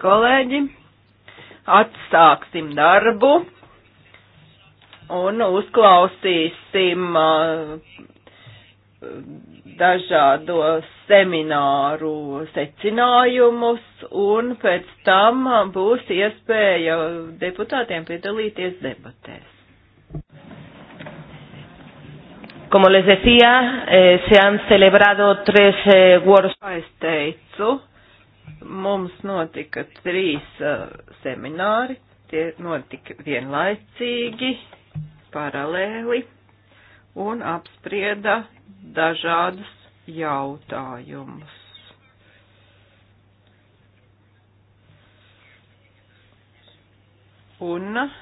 kolēģi, atsāksim darbu un uzklausīsim uh, dažādo semināru secinājumus un pēc tam būs iespēja deputātiem piedalīties debatēs. Como les decía, eh, se han celebrado tres eh, workshops mums notika trīs uh, semināri, tie notika vienlaicīgi, paralēli un apsprieda dažādus jautājumus. Un uh,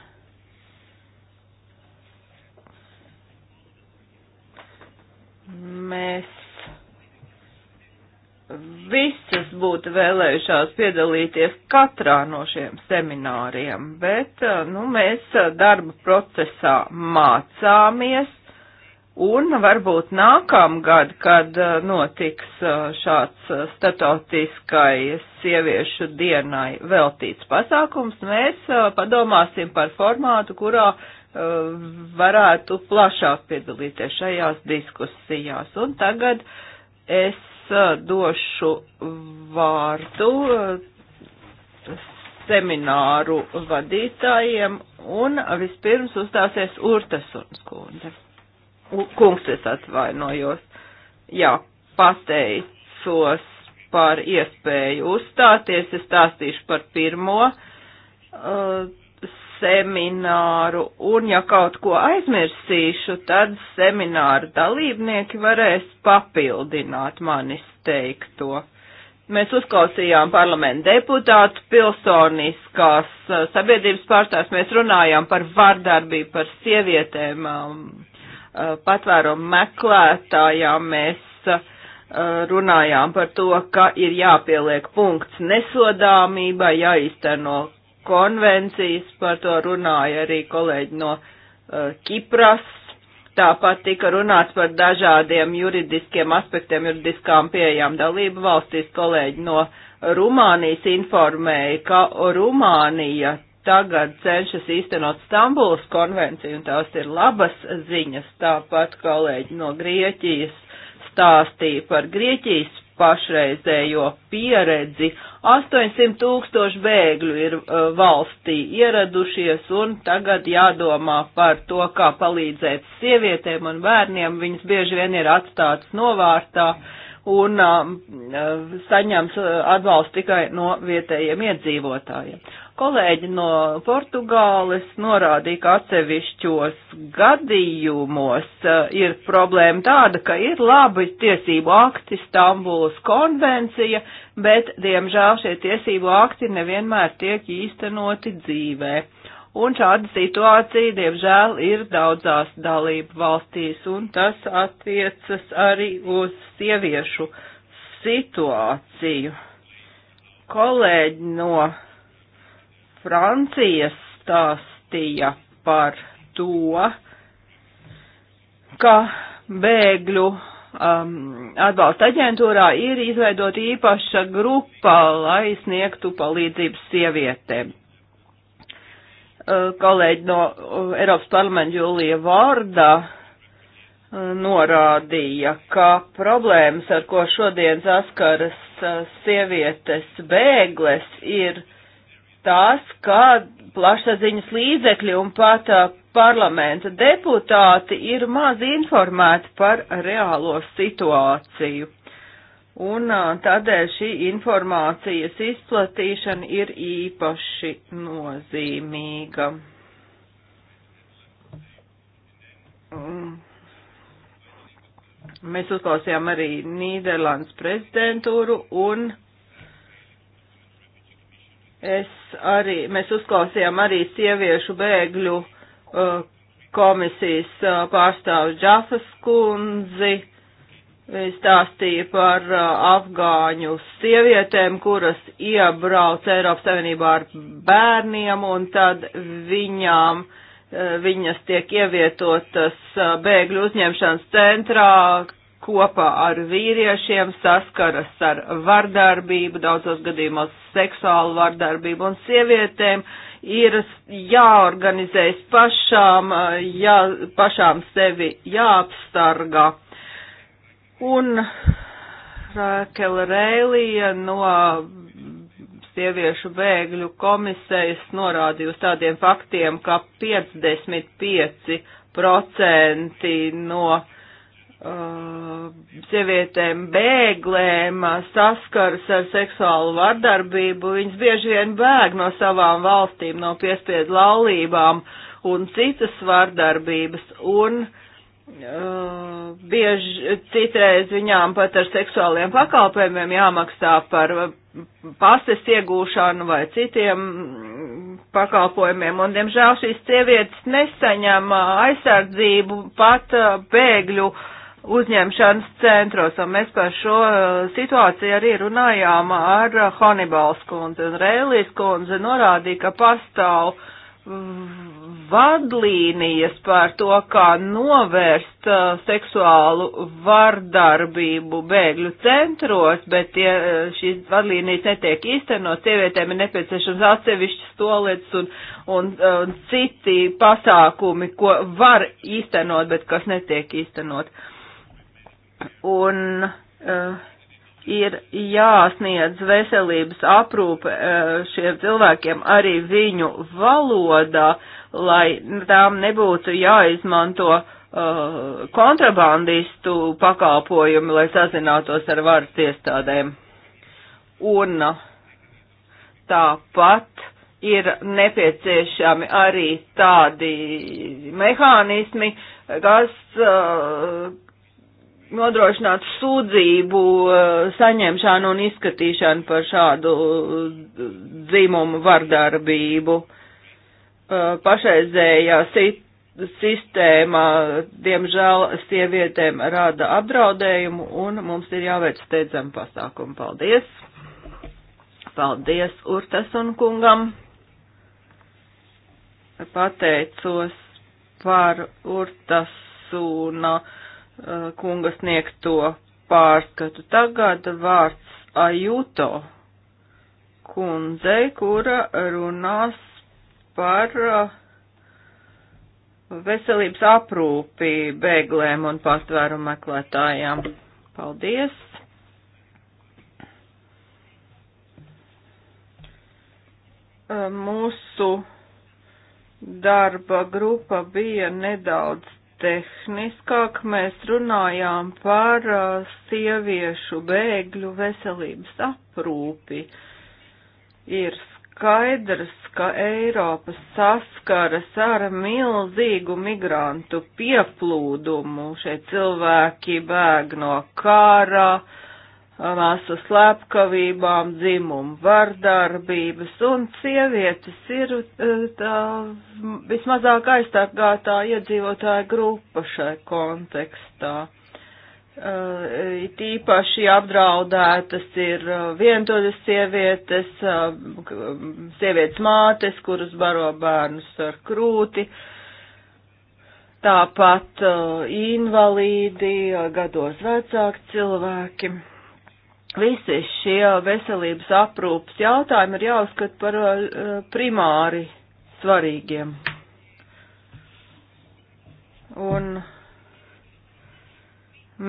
mēs visas būtu vēlējušās piedalīties katrā no šiem semināriem, bet eh, nu, mēs eh, darba procesā mācāmies, un varbūt nākamgad, kad eh, notiks šāds statotiskai sieviešu dienai veltīts pasākums, mēs padomāsim par formātu, kurā varētu plašāk piedalīties šajās diskusijās. Un tagad es Eh, došu vārdu eh, semināru vadītājiem un vispirms uzstāsies Urtasuns kundze. Kungs es atvainojos. Jā, pateicos par iespēju uzstāties. Es stāstīšu par pirmo uh, semināru, un ja kaut ko aizmirsīšu, tad semināru dalībnieki varēs papildināt manis teikto. Mēs uzklausījām parlamentu deputātu, pilsoniskās eh, sabiedrības pārstāvs, mēs runājām par vardarbību, par sievietēm, um, eh, patvērumu meklētājām, mēs eh, runājām par to, ka ir jāpieliek punkts nesodāmībai, jāizteno konvencijas, par to runāja arī kolēģi no uh, Kipras. Tāpat tika runāts par dažādiem juridiskiem aspektiem, juridiskām pieejām dalību valstīs. Kolēģi no Rumānijas informēja, ka Rumānija tagad cenšas īstenot Stambulas konvenciju, un tās ir labas ziņas. Tāpat kolēģi no Grieķijas stāstīja par Grieķijas pašreizējo pieredzi. 800 tūkstoši bēgļu ir uh, valstī ieradušies un tagad jādomā par to, kā palīdzēt sievietēm un bērniem. Viņas bieži vien ir atstātas novārtā un um, uh, saņems uh, atbalstu tikai no vietējiem iedzīvotājiem. Kolēģi no Portugāles norādīja, ka atsevišķos gadījumos eh, ir problēma tāda, ka ir labi tiesību akti, Stambulas konvencija, bet, diemžēl, šie tiesību akti nevienmēr tiek īstenoti dzīvē. Un šāda situācija, diemžēl, ir daudzās dalību valstīs, un tas attiecas arī uz sieviešu situāciju. Kolēģi no Francija stāstīja par to, ka bēgļu um, atbalsta aģentūrā ir izveidota īpaša grupa, lai sniegtu palīdzību sievietēm. Uh, kolēģi no uh, Eiropas parlamenta Julija Vārda uh, norādīja, ka problēmas, ar ko šodien saskaras uh, sievietes bēgles, ir tas, ka plašsaziņas līdzekļi un pat parlamenta deputāti ir maz informēti par reālo situāciju. Un tādēļ šī informācijas izplatīšana ir īpaši nozīmīga. Mēs uzklausījām arī Nīderlandes prezidentūru un Es arī, mēs uzklausījām arī sieviešu bēgļu uh, komisijas uh, pārstāvu Džafas kundzi, stāstīja par uh, afgāņu sievietēm, kuras iebrauc Eiropas Savienībā ar bērniem, un tad viņām, uh, viņas tiek ievietotas uh, bēgļu uzņemšanas centrā, kopā ar vīriešiem saskaras ar vardarbību, daudzos gadījumos seksuālu vardarbību un sievietēm ir jāorganizējas pašām, jā, pašām sevi jāapstargā. Un Rākela Rēlija no sieviešu bēgļu komisijas norādīja uz tādiem faktiem, ka 55% no Uh, sievietēm bēglēm uh, saskaras ar seksuālu vardarbību, viņas bieži vien bēg no savām valstīm, no piespiedu laulībām un citas vardarbības, un uh, bieži citreiz viņām pat ar seksuāliem pakalpojumiem jāmaksā par uh, pases iegūšanu vai citiem pakalpojumiem, un, diemžēl, šīs sievietes nesaņem aizsardzību pat bēgļu uh, uzņemšanas centros, un mēs par šo uh, situāciju arī runājām ar uh, Hanibals kundzi, un Rēlīs kundze norādīja, ka pastāv vadlīnijas par to, kā novērst uh, seksuālu vardarbību bēgļu centros, bet tie, uh, šīs vadlīnijas netiek īstenot, sievietēm ir nepieciešams atsevišķas tolets un, un, un citi pasākumi, ko var īstenot, bet kas netiek īstenot. Uh, un uh, ir jāsniedz veselības aprūpe eh, šiem cilvēkiem arī viņu valodā, lai tām nebūtu jāizmanto uh, kontrabandistu pakalpojumi, lai sazinātos ar varas iestādēm. Un tāpat ir nepieciešami arī tādi mehānismi, kas uh, nodrošināt sūdzību eh, saņemšanu un izskatīšanu par šādu eh, dzimumu vardarbību. Eh, pašreizējā sistēma, diemžēl, sievietēm rada apdraudējumu un mums ir jāveic steidzam pasākumu. Paldies! Paldies Urtasun kungam! Pateicos par Urtasuna. Uh, Uh, kunga sniegto pārskatu. Tagad vārds Ajuto kundzei, kura runās par uh, veselības aprūpi bēglēm un patvērumu meklētājām. Paldies! Uh, mūsu darba grupa bija nedaudz tehniskāk mēs runājām par uh, sieviešu bēgļu veselības aprūpi. Ir skaidrs, ka Eiropa saskaras ar milzīgu migrantu pieplūdumu. Šie cilvēki bēg no kara, uh, māsu slepkavībām, dzimumu vardarbības, un sievietes ir eh, tā vismazāk aizstargātā iedzīvotāja grupa šai kontekstā. Uh, eh, tīpaši apdraudētas ir eh, vientuļas sievietes, uh, sievietes mātes, kuras baro bērnus ar krūti, tāpat uh, invalīdi, gados vecāki cilvēki visi šie veselības aprūpas jautājumi ir jāuzskata par eh, primāri svarīgiem. Un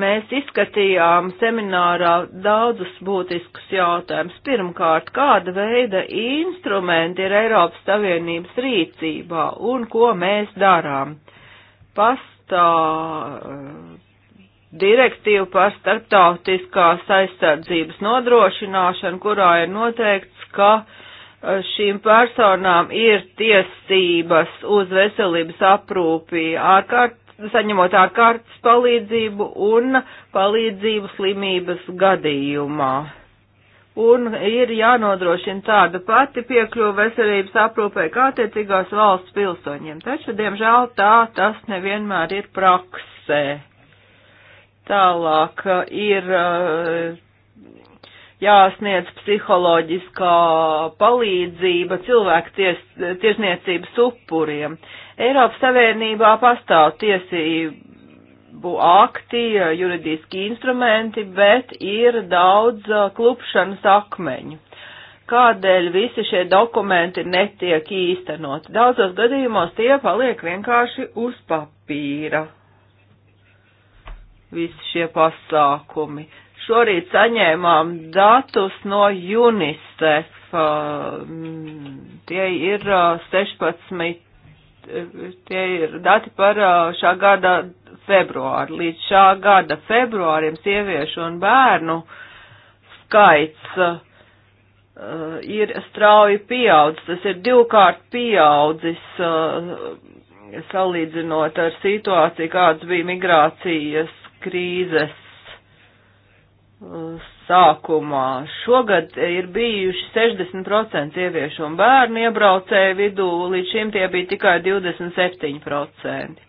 mēs izskatījām seminārā daudzus būtiskus jautājumus. Pirmkārt, kāda veida instrumenti ir Eiropas Savienības rīcībā un ko mēs darām? Pastā direktīvu par starptautiskās aizsardzības nodrošināšanu, kurā ir noteikts, ka eh, šīm personām ir tiesības uz veselības aprūpī ārkārt, saņemot ārkārtas palīdzību un palīdzību slimības gadījumā. Un ir jānodrošina tāda pati piekļuva veselības aprūpē kā attiecīgās valsts pilsoņiem. Taču, diemžēl, tā tas nevienmēr ir praksē. Tālāk ir eh, jāsniedz psiholoģiskā palīdzība cilvēku ties, tiesniecības upuriem. Eiropas Savienībā pastāv tiesību akti, juridiski instrumenti, bet ir daudz eh, klupšanas akmeņu. Kādēļ visi šie dokumenti netiek īstenot? Daudzos gadījumos tie paliek vienkārši uz papīra visi šie pasākumi. Šorīt saņēmām datus no UNICEF. Mm, tie ir 16, tie ir dati par šā gada februāru. Līdz šā gada februārim sieviešu un bērnu skaits ir strauji pieaudzis. Tas ir divkārt pieaudzis salīdzinot ar situāciju, kāds bija migrācijas krīzes uh, sākumā. Šogad ir bijuši 60% ieviešu un bērnu iebraucēju vidū, līdz šim tie bija tikai 27%.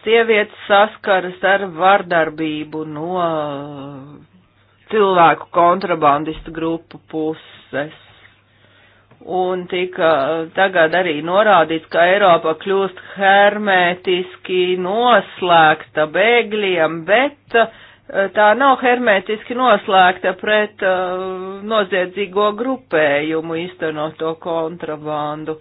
Sievietes saskaras ar vardarbību no cilvēku kontrabandistu grupu puses un tika eh, tagad arī norādīts, ka Eiropa kļūst hermētiski noslēgta bēgļiem, bet eh, tā nav hermētiski noslēgta pret uh, noziedzīgo grupējumu īstenoto kontrabandu.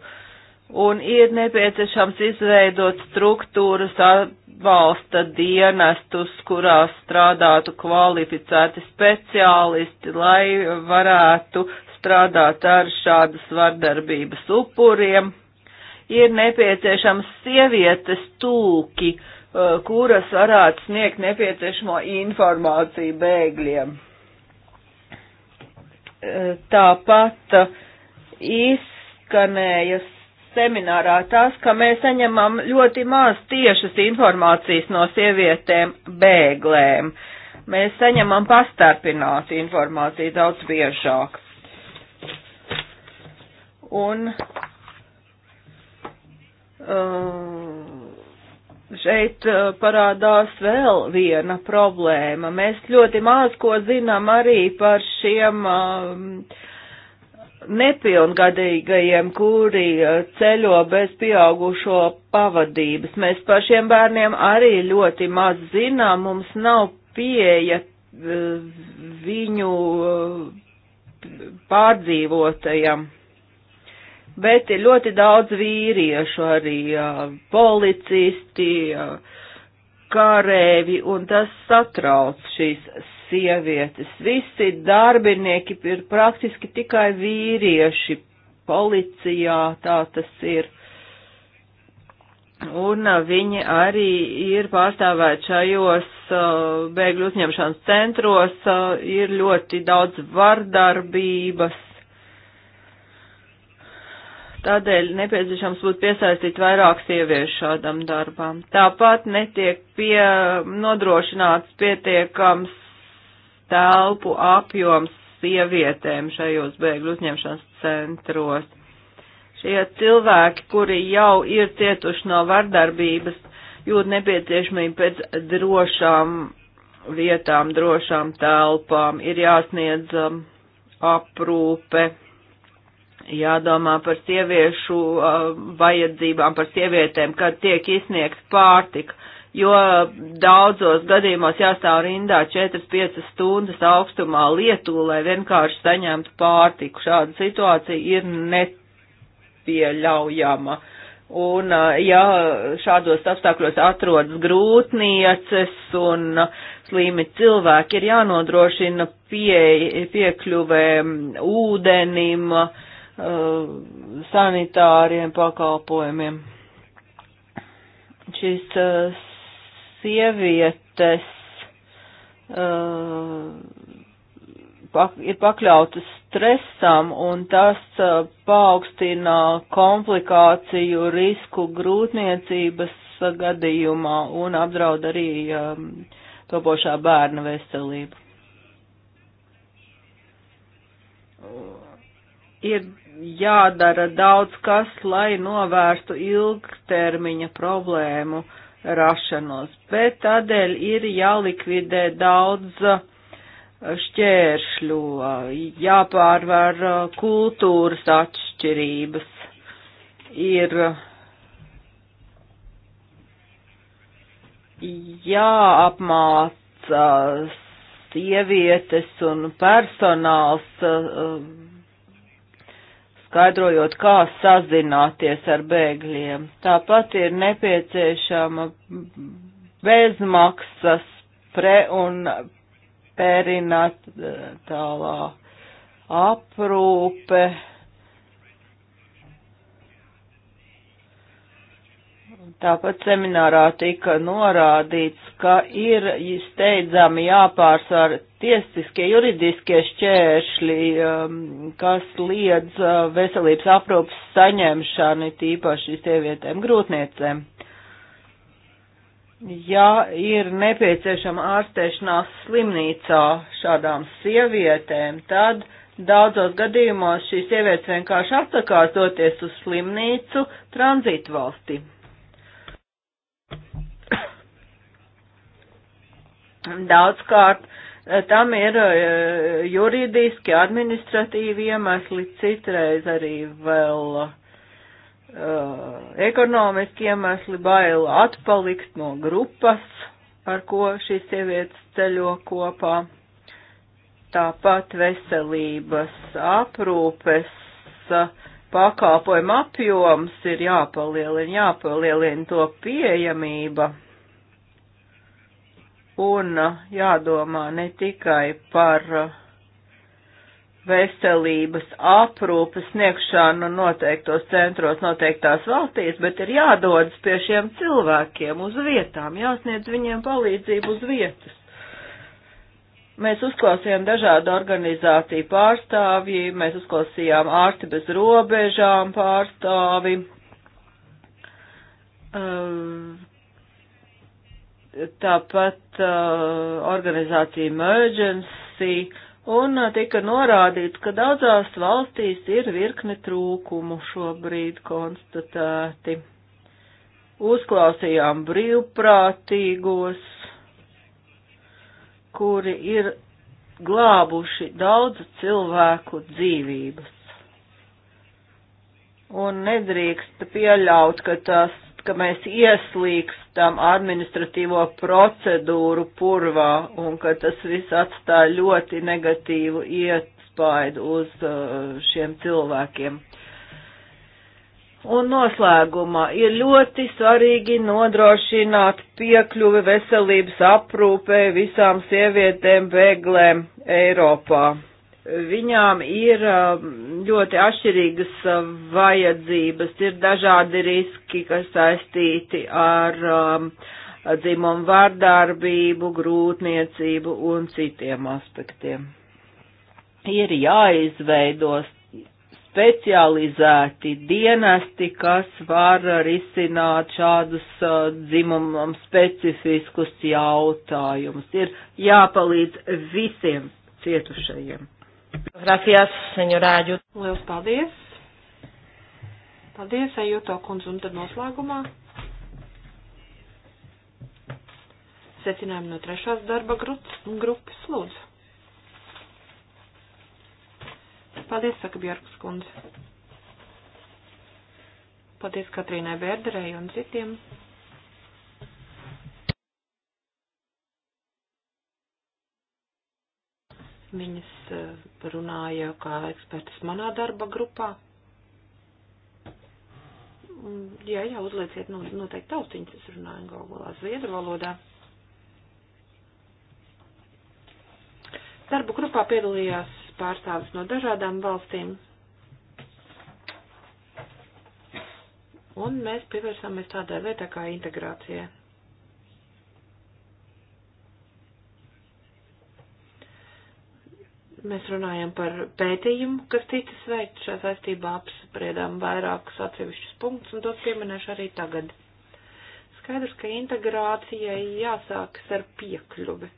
Un ir nepieciešams izveidot struktūras atbalsta dienestus, kurās strādātu kvalificēti speciālisti, lai varētu strādāt ar šādas vardarbības upuriem. Ir nepieciešams sievietes tūki, eh, kuras varētu sniegt nepieciešamo informāciju bēgļiem. Eh, tāpat eh, izskanēja seminārā tas, ka mēs saņemam ļoti maz tiešas informācijas no sievietēm bēglēm. Mēs saņemam pastarpinātu informāciju daudz biežāk. Un uh, šeit uh, parādās vēl viena problēma. Mēs ļoti maz ko zinām arī par šiem um, nepilngadīgajiem, kuri uh, ceļo bez pieaugušo pavadības. Mēs par šiem bērniem arī ļoti maz zinām, mums nav pieeja viņu pārdzīvotajam bet ir ļoti daudz vīriešu arī policisti, karēvi, un tas satrauc šīs sievietes. Visi darbinieki ir praktiski tikai vīrieši policijā, tā tas ir. Un viņi arī ir pārstāvēti šajos bēgļu uzņemšanas centros, ir ļoti daudz vardarbības, Tādēļ nepieciešams būtu piesaistīt vairāk sieviešu šādam darbam. Tāpat netiek pie, nodrošināts pietiekams telpu apjoms sievietēm šajos bēgļu uzņemšanas centros. Šie cilvēki, kuri jau ir cietuši no vardarbības, jūt nepieciešamību pēc drošām vietām, drošām telpām, ir jāsniedz um, aprūpe jādomā par sieviešu vajadzībām, par sievietēm, kad tiek izsniegts pārtika, jo daudzos gadījumos jāstāv rindā 4-5 stundas augstumā lietu, lai vienkārši saņemtu pārtiku. Šāda situācija ir nepieļaujama. Un, ja šādos apstākļos atrodas grūtnieces un slīmi cilvēki, ir jānodrošina pie, piekļuvē ūdenim, uh, Uh, sanitāriem pakalpojumiem. Šīs uh, sievietes uh, pak ir pakļautas stresam un tas uh, paaugstina komplikāciju risku grūtniecības gadījumā un apdraud arī um, topošā bērna veselību. Ir jādara daudz kas, lai novērstu ilgtermiņa problēmu rašanos, bet tādēļ ir jālikvidē daudz šķēršļu, jāpārvar kultūras atšķirības, ir jāapmāca sievietes un personāls skaidrojot, kā sazināties ar bēgļiem. Tāpat ir nepieciešama bezmaksas pre un perinatālā aprūpe Tāpat seminārā tika norādīts, ka ir steidzami jāpārsvar tiesiskie, juridiskie šķēršļi, um, kas liedz uh, veselības aprūpas saņemšanu, tīpaši sievietēm grūtniecēm. Ja ir nepieciešama ārstēšanās slimnīcā šādām sievietēm, tad daudzos gadījumos šīs sievietes vienkārši atsakās doties uz slimnīcu tranzītvalsti. valsti Daudzkārt eh, tam ir eh, juridiski, administratīvi iemesli, citreiz arī vēl eh, ekonomiski iemesli, bail atpalikt no grupas, ar ko šīs sievietes ceļo kopā. Tāpat veselības aprūpes pakāpojuma apjoms ir jāpalielina, jāpalielina to pieejamība un uh, jādomā ne tikai par uh, veselības aprūpes sniegšanu noteiktos centros, noteiktās valstīs, bet ir jādodas pie šiem cilvēkiem uz vietām, jāsniedz viņiem palīdzību uz vietas. Mēs uzklausījām dažādu organizāciju pārstāvji, mēs uzklausījām ārsti bez robežām pārstāvi, uh, tāpat uh, organizācija Emergency, un uh, tika norādīts, ka daudzās valstīs ir virkne trūkumu šobrīd konstatēti. Uzklausījām brīvprātīgos, kuri ir glābuši daudzu cilvēku dzīvības. Un nedrīkst pieļaut, ka tas ka mēs ieslīkstam administratīvo procedūru purvā un ka tas viss atstāja ļoti negatīvu iespaidu uz uh, šiem cilvēkiem. Un noslēgumā ir ļoti svarīgi nodrošināt piekļuvi veselības aprūpē visām sievietēm bēglēm Eiropā Viņām ir uh, ļoti atšķirīgas uh, vajadzības, ir dažādi riski, kas saistīti ar um, dzimumu vārdarbību, grūtniecību un citiem aspektiem. Ir jāizveido specializēti dienesti, kas var risināt šādus uh, dzimumam specifiskus jautājumus. Ir jāpalīdz visiem cietušajiem. Gracias, senora Ajuto. Lielas paldies. Paldies, Ajuto kundze, un tad noslēgumā. Secinājumi no trešās darba grupas lūdzu. Paldies, saka Bjorkas kundze. Paldies Katrīnai Bērderei un citiem Viņas eh, runāja kā ekspertas manā darba grupā. Jā, jā, uzlieciet noteikti taustiņas, es runāju galvā zviedru valodā. Darba grupā piedalījās pārstāvis no dažādām valstīm. Un mēs pievērsāmies tādai lietai kā integrācija. Mēs runājam par pētījumu, kas ticis veikts šajā saistībā, apspriedām vairākus atsevišķus punktus un tos pieminēšu arī tagad. Skaidrs, ka integrācijai jāsākas ar piekļuvi.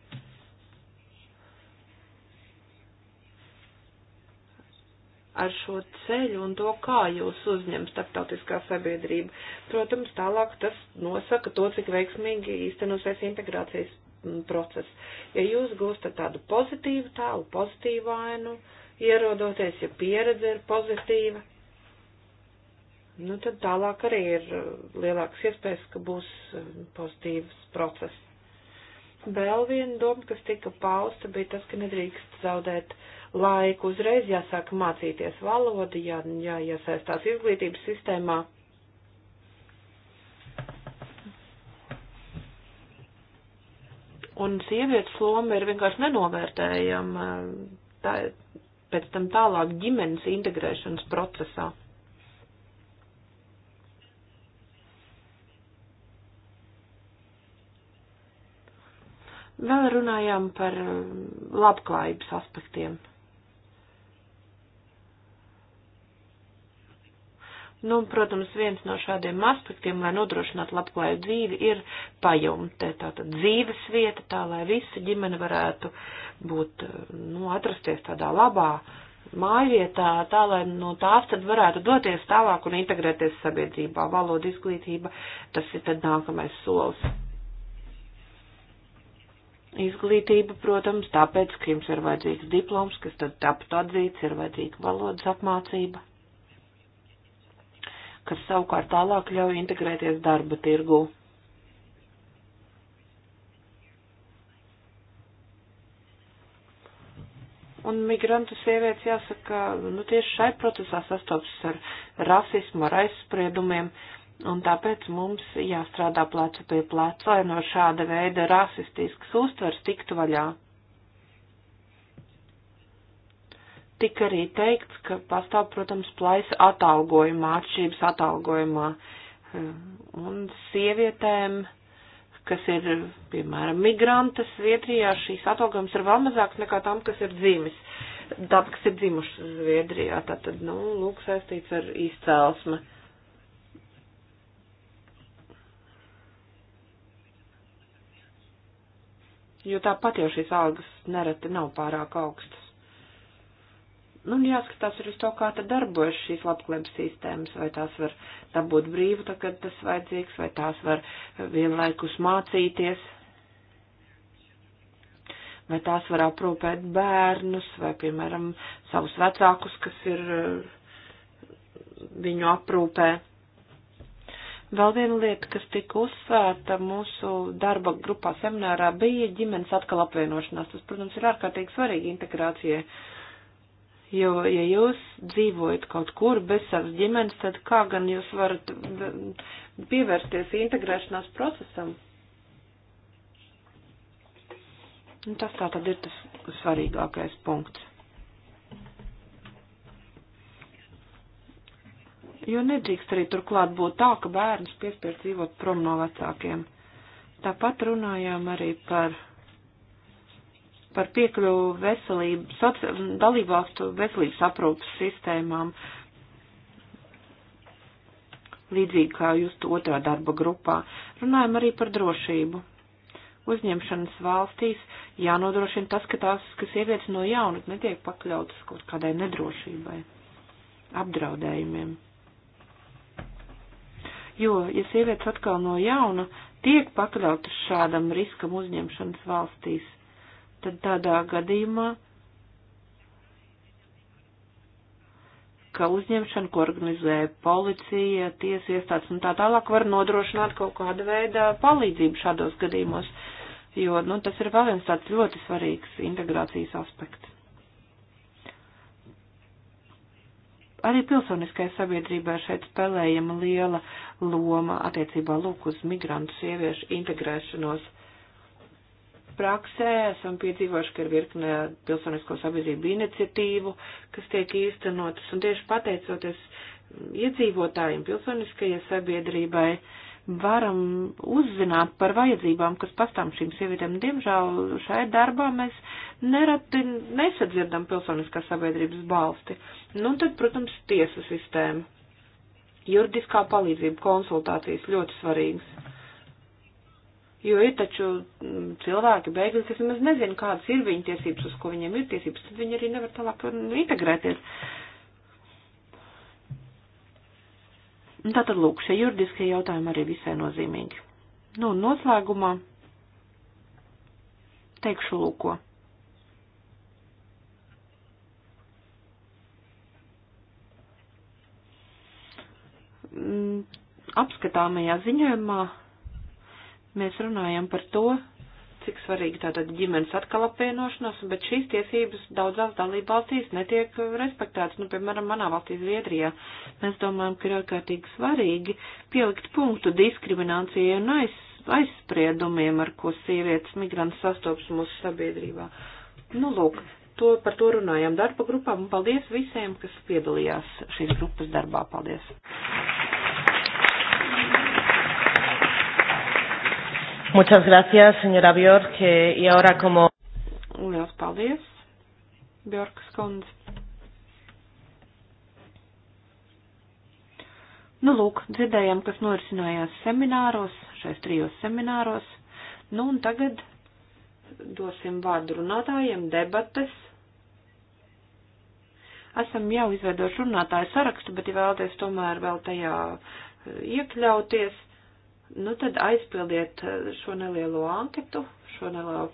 ar šo ceļu un to, kā jūs uzņem starptautiskā sabiedrība. Protams, tālāk tas nosaka to, cik veiksmīgi īstenosies integrācijas Mm, procesu. Ja jūs gūstat tādu pozitīvu tēlu, pozitīvu ainu, ierodoties, ja pieredze ir pozitīva, nu tad tālāk arī ir uh, lielāks iespējas, ka būs uh, pozitīvs process. Vēl viena doma, kas tika pausta, bija tas, ka nedrīkst zaudēt laiku. Uzreiz jāsāk mācīties valodu, jā, jāiesaistās izglītības sistēmā Un sievietes loma ir vienkārši nenovērtējama tā, pēc tam tālāk ģimenes integrēšanas procesā. Vēl runājām par labklājības aspektiem. Nu, protams, viens no šādiem aspektiem, lai nodrošinātu labklājību dzīvi, ir pajumte, tātad dzīves vieta, tā lai visa ģimene varētu būt, nu, atrasties tādā labā mājvietā, tā lai no tās tad varētu doties tālāk un integrēties sabiedrībā. Valoda izglītība, tas ir tad nākamais solis. Izglītība, protams, tāpēc, ka jums ir vajadzīgs diploms, kas tad taptu atzīts, ir vajadzīga valodas apmācība kas savukārt tālāk ļauj integrēties darba tirgū. Un migrantu sievietes jāsaka, nu tieši šai procesā sastopas ar rasismu, ar aizspriedumiem, un tāpēc mums jāstrādā plecu pie pleca, lai no šāda veida rasistisks uztvers tiktu vaļā. tika arī teikts, ka pastāv, protams, plaisa atalgojumā, atšķirības atalgojumā. Un sievietēm, kas ir, piemēram, migrantas Zviedrijā, šīs atalgojums ir vēl mazāks nekā tam, kas ir dzīvis. Tātad, kas ir dzimuši Zviedrijā, tātad, nu, lūk, saistīts ar izcelsmi. Jo tāpat jau šīs algas nereti nav pārāk augstas nu, jāskatās arī uz to, kā tad darbojas šīs labklājības sistēmas, vai tās var dabūt brīvu, tā, kad tas vajadzīgs, vai tās var vienlaikus mācīties, vai tās var aprūpēt bērnus, vai, piemēram, savus vecākus, kas ir viņu aprūpē. Vēl viena lieta, kas tika uzsvērta mūsu darba grupā seminārā, bija ģimenes atkal apvienošanās. Tas, protams, ir ārkārtīgi svarīgi integrācijai Jo, ja jūs dzīvojat kaut kur bez savas ģimenes, tad kā gan jūs varat pievērsties integrēšanās procesam? Un nu, tas tā tad ir tas svarīgākais punkts. Jo nedrīkst arī turklāt būt tā, ka bērns piespied dzīvot prom no vecākiem. Tāpat runājām arī par par piekļuvu veselību, soci, dalībvalstu veselības aprūpas sistēmām, līdzīgi kā jūs otrā darba grupā. Runājam arī par drošību. Uzņemšanas valstīs jānodrošina tas, ka tās, kas ievietas no jauna, netiek pakļautas kaut kādai nedrošībai, apdraudējumiem. Jo, ja sievietes atkal no jauna tiek pakļautas šādam riskam uzņemšanas valstīs, tad tādā gadījumā, ka uzņemšana, ko organizē policija, tiesa iestādes un tā tālāk, var nodrošināt kaut kādu veidu palīdzību šādos gadījumos, jo, nu, tas ir vēl viens tāds ļoti svarīgs integrācijas aspekts. arī pilsoniskai sabiedrībai šeit spēlējama liela loma attiecībā lūk uz migrantu sieviešu integrēšanos praksē esam piedzīvojuši, ka ir virkne pilsonisko sabiedrību iniciatīvu, kas tiek īstenotas, un tieši pateicoties iedzīvotājiem, pilsoniskajai sabiedrībai, varam uzzināt par vajadzībām, kas pastāv šīm sievietēm. Diemžēl šai darbā mēs nereti nesadzirdam pilsoniskās sabiedrības balsti. Nu, un tad, protams, tiesu sistēma. Juridiskā palīdzība, konsultācijas ļoti svarīgas Jo ir taču mm, cilvēki beigās, kas nemaz nezina, kādas ir viņu tiesības, uz ko viņiem ir tiesības, tad viņi arī nevar tālāk integrēties. Un tātad, lūk, šie juridiskie jautājumi arī visai nozīmīgi. Nu, un noslēgumā teikšu lūko. Mm, apskatāmajā ziņojumā Mēs runājam par to, cik svarīgi tātad ģimenes atkal apvienošanās, bet šīs tiesības daudzās dalībvalstīs netiek respektētas. Nu, piemēram, manā valstī Zviedrijā mēs domājam, ka ir ārkārtīgi svarīgi pielikt punktu diskriminācijai un aiz, aizspriedumiem, ar ko sievietes migrants sastopas mūsu sabiedrībā. Nu, lūk, to, par to runājām darba grupām un paldies visiem, kas piedalījās šīs grupas darbā. Paldies! Muchas gracias, señora Bjork. Y ahora como. Lielas paldies, Bjorkas kundze. Nu, lūk, dzirdējām, kas norisinājās semināros, šais trijos semināros. Nu, un tagad dosim vārdu runātājiem debates. Esam jau izveidojuši runātāju sarakstu, bet, ja vēlaties tomēr vēl tajā e, iekļauties, nu tad aizpildiet eh, šo nelielo anketu, šo nelielo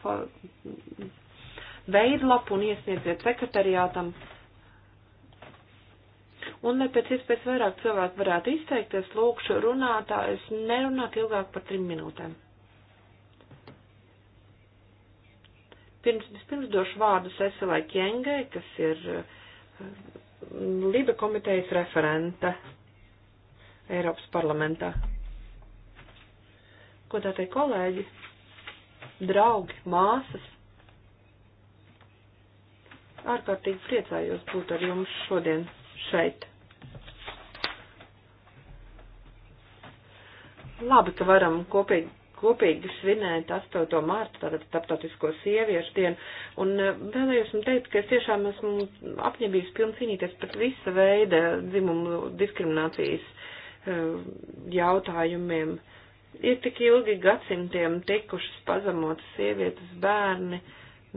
veidlapu un iesniedziet sekretariātam. Un, lai pēc iespējas vairāk cilvēku varētu izteikties, lūkšu runātājus nerunāt ilgāk par trim minūtēm. Pirms, vispirms došu vārdu Sesilai Kjengai, kas ir eh, Liba komitejas referente Eiropas parlamentā ko tā teikt kolēģi, draugi, māsas. Ārkārtīgi priecājos būt ar jums šodien šeit. Labi, ka varam kopīgi, kopīgi svinēt 8. mārtu, tātad starptautisko sieviešu dienu, un e, vēlējos jums teikt, ka es tiešām esmu apņemības pilns cīnīties pret visa veida dzimumu diskriminācijas e, jautājumiem. Uh, ir tik ilgi gadsimtiem tikušas pazemotas sievietes, bērni,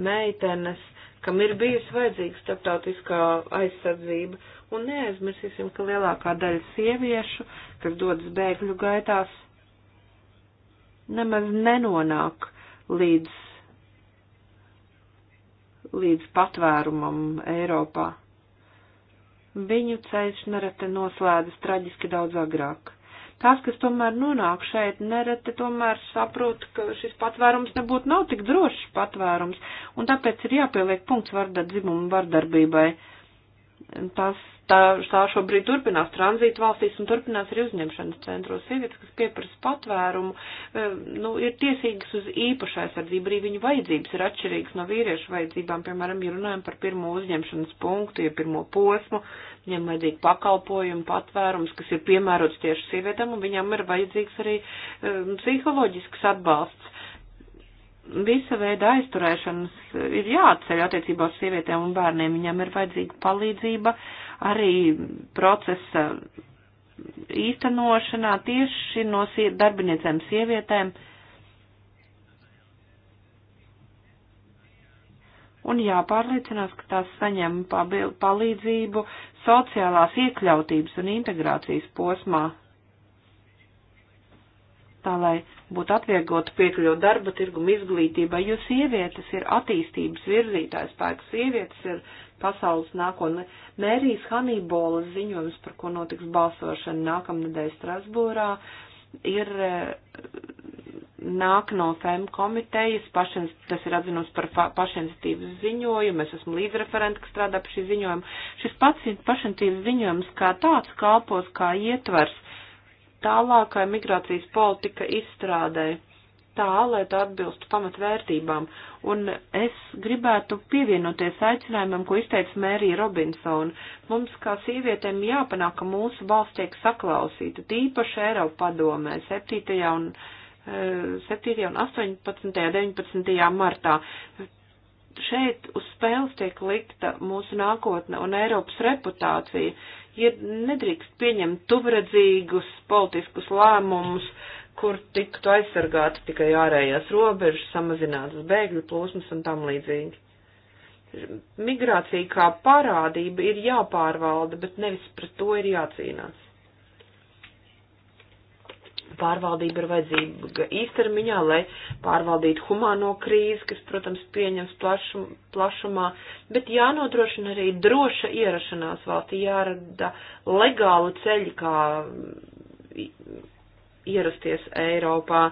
meitenes, kam ir bijusi vajadzīga starptautiskā aizsardzība, un neaizmirsīsim, ka lielākā daļa sieviešu, kas dodas bēgļu gaitās, nemaz nenonāk līdz, līdz patvērumam Eiropā. Viņu ceļš nereti noslēdzas traģiski daudz agrāk tās, kas tomēr nonāk šeit, nereti tomēr saprot, ka šis patvērums nebūtu nav tik drošs patvērums, un tāpēc ir jāpieliek punkts varda dzimumu vardarbībai. Tas tā, tā šobrīd turpinās tranzītu valstīs un turpinās arī uzņemšanas centros. Sievietes, kas pieprasa patvērumu, eh, nu, ir tiesīgas uz īpašu aizsardzību, arī viņu vajadzības ir atšķirīgas no vīriešu vajadzībām. Piemēram, ja runājam par pirmo uzņemšanas punktu, ja pirmo posmu, viņiem vajadzīgi pakalpojumi, patvērums, kas ir piemērots tieši sievietēm, un viņām ir vajadzīgs arī um, psiholoģisks atbalsts visa veida aizturēšanas ir jāatceļ attiecībā uz sievietēm un bērniem. Viņam ir vajadzīga palīdzība arī procesa īstenošanā tieši no darbiniecēm sievietēm. Un jāpārliecinās, ka tās saņem palīdzību sociālās iekļautības un integrācijas posmā, tā lai būtu atvieglota piekļuva darba tirguma izglītībai, jo sievietes ir attīstības virzītājs spēks, sievietes ir pasaules nākotne. Mērijas Hanibola ziņojums, par ko notiks balsošana nākamnedēļ Strasbūrā, ir e, nāk no FEM komitejas, pašins, tas ir atzinums par pašinicitīvas ziņojumu, es esmu līdzreferenta, kas strādā pie šī ziņojuma. Šis pats pašinicitīvas ziņojums kā tāds kalpos kā ietvers tālākai migrācijas politika izstrādē tā, lai tā atbilstu pamatvērtībām. Un es gribētu pievienoties aicinājumam, ko izteica Mērija Robinsona. Mums kā sievietēm jāpanāk, ka mūsu balss tiek saklausīta, tīpaši Eiropa padomē 7. un, 7. Eh, un 18. un 19. martā. Šeit uz spēles tiek likta mūsu nākotne un Eiropas reputācija. Ja nedrīkst pieņemt tuvredzīgus politiskus lēmumus, uh, kur tiktu aizsargāti tikai ārējās robežas, samazinātas bēgļu plūsmas un tam līdzīgi. Migrācija kā parādība ir jāpārvalda, bet nevis pret to ir jācīnās. Pārvaldība ir vajadzīga īstermiņā, lai pārvaldītu humāno krīzi, kas, protams, pieņems plašum, plašumā, bet jānodrošina arī droša ierašanās valstī, jārada legāli ceļi, kā ierasties Eiropā,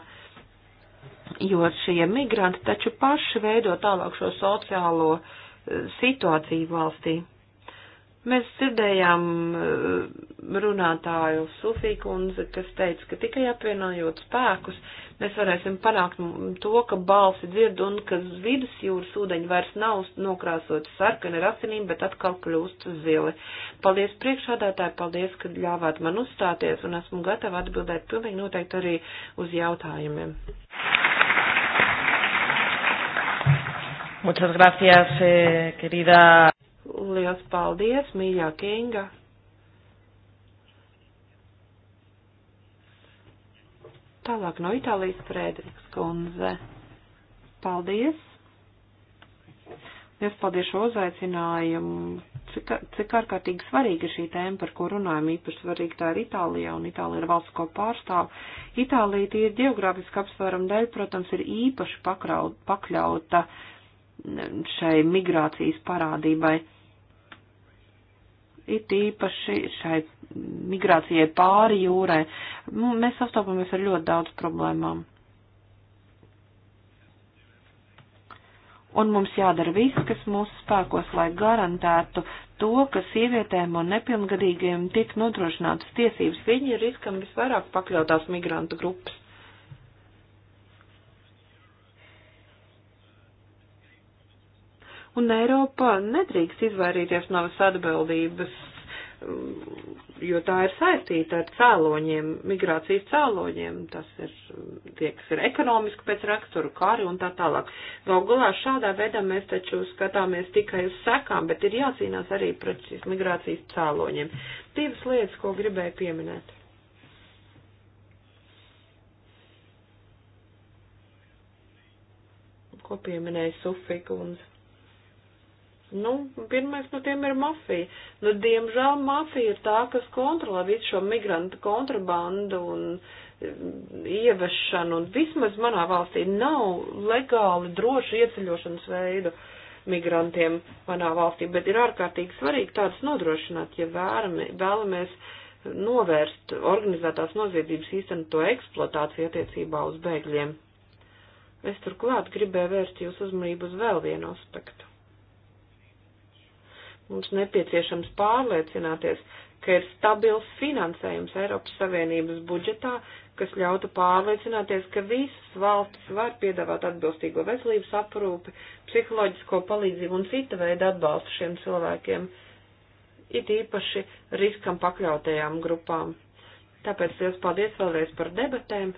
jo šie migranti taču paši veido tālāk šo sociālo eh, situāciju valstī. Mēs dzirdējām eh, runātāju Sufiju kundzi, kas teica, ka tikai apvienojot spēkus, mēs varēsim panākt to, ka balsi dzird un ka vidus jūras ūdeņi vairs nav nokrāsot sarkani ar asinīm, bet atkal kļūst zili. Paldies priekšādātāji, paldies, ka ļāvāt man uzstāties un esmu gatava atbildēt pilnīgi noteikti arī uz jautājumiem. Muchas gracias, eh, querida. Liels paldies, mīļā Kinga! Tālāk no Itālijas Frēderiks kundze. Paldies! Liels paldies šo uzaicinājumu. Cik, cik ārkārtīgi svarīga šī tēma, par ko runājam, īpaši svarīga tā ir Itālija, un Itālija ir valsts, ko pārstāv. Itālija tie ir geogrāfiski apsvērumu dēļ, protams, ir īpaši pakraut, pakļauta šai migrācijas parādībai it īpaši šai migrācijai pāri jūrai. Mēs sastopamies ar ļoti daudz problēmām. Un mums jādara viss, kas mūsu spēkos, lai garantētu to, ka sievietēm un nepilngadīgiem tiek nodrošinātas tiesības. Viņi ir riskam visvairāk pakļautās migrantu grupas. un Eiropa nedrīkst izvairīties no savas atbildības, mm, jo tā ir saistīta ar cēloņiem, migrācijas cēloņiem, tas ir tie, kas ir ekonomiski pēc raksturu, kari un tā tālāk. Gal galā šādā veidā mēs taču skatāmies tikai uz sekām, bet ir jācīnās arī pret šīs migrācijas cēloņiem. Divas lietas, ko gribēju pieminēt. ko pieminēja Sufija kundze. Nu, pirmais no tiem ir mafija. Nu, diemžēl mafija ir tā, kas kontrolē visu šo migrantu kontrabandu un mm, ievešanu, un vismaz manā valstī nav legāli droši ieceļošanas veidu migrantiem manā valstī, bet ir ārkārtīgi svarīgi tāds nodrošināt, ja vērami, vēlamies novērst organizētās noziedzības īstenoto eksploatāciju attiecībā uz bēgļiem. Es turklāt gribēju vērst jūs uzmanību uz vēl vienu aspektu. Mums nepieciešams pārliecināties, ka ir stabils finansējums Eiropas Savienības budžetā, kas ļautu pārliecināties, ka visas valstis var piedāvāt atbilstīgo veselības aprūpi, psiholoģisko palīdzību un cita veida atbalstu šiem cilvēkiem, it īpaši riskam pakļautajām grupām. Tāpēc liels paldies vēlreiz par debatēm.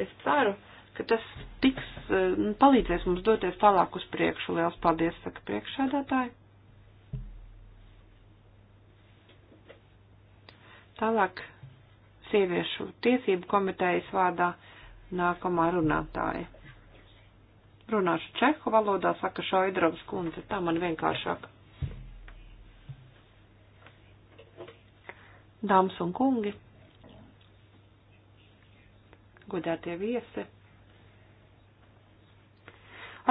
Es ceru, ka tas tiks, eh, palīdzēs mums doties tālāk uz priekšu. Liels paldies, saka priekšsēdētāji. Tālāk sieviešu tiesību komitejas vārdā nākamā runātāja. Runāšu čehu valodā, saka Šoidrovs kundze, tā man vienkāršāk. Dāmas un kungi, godētie viesi,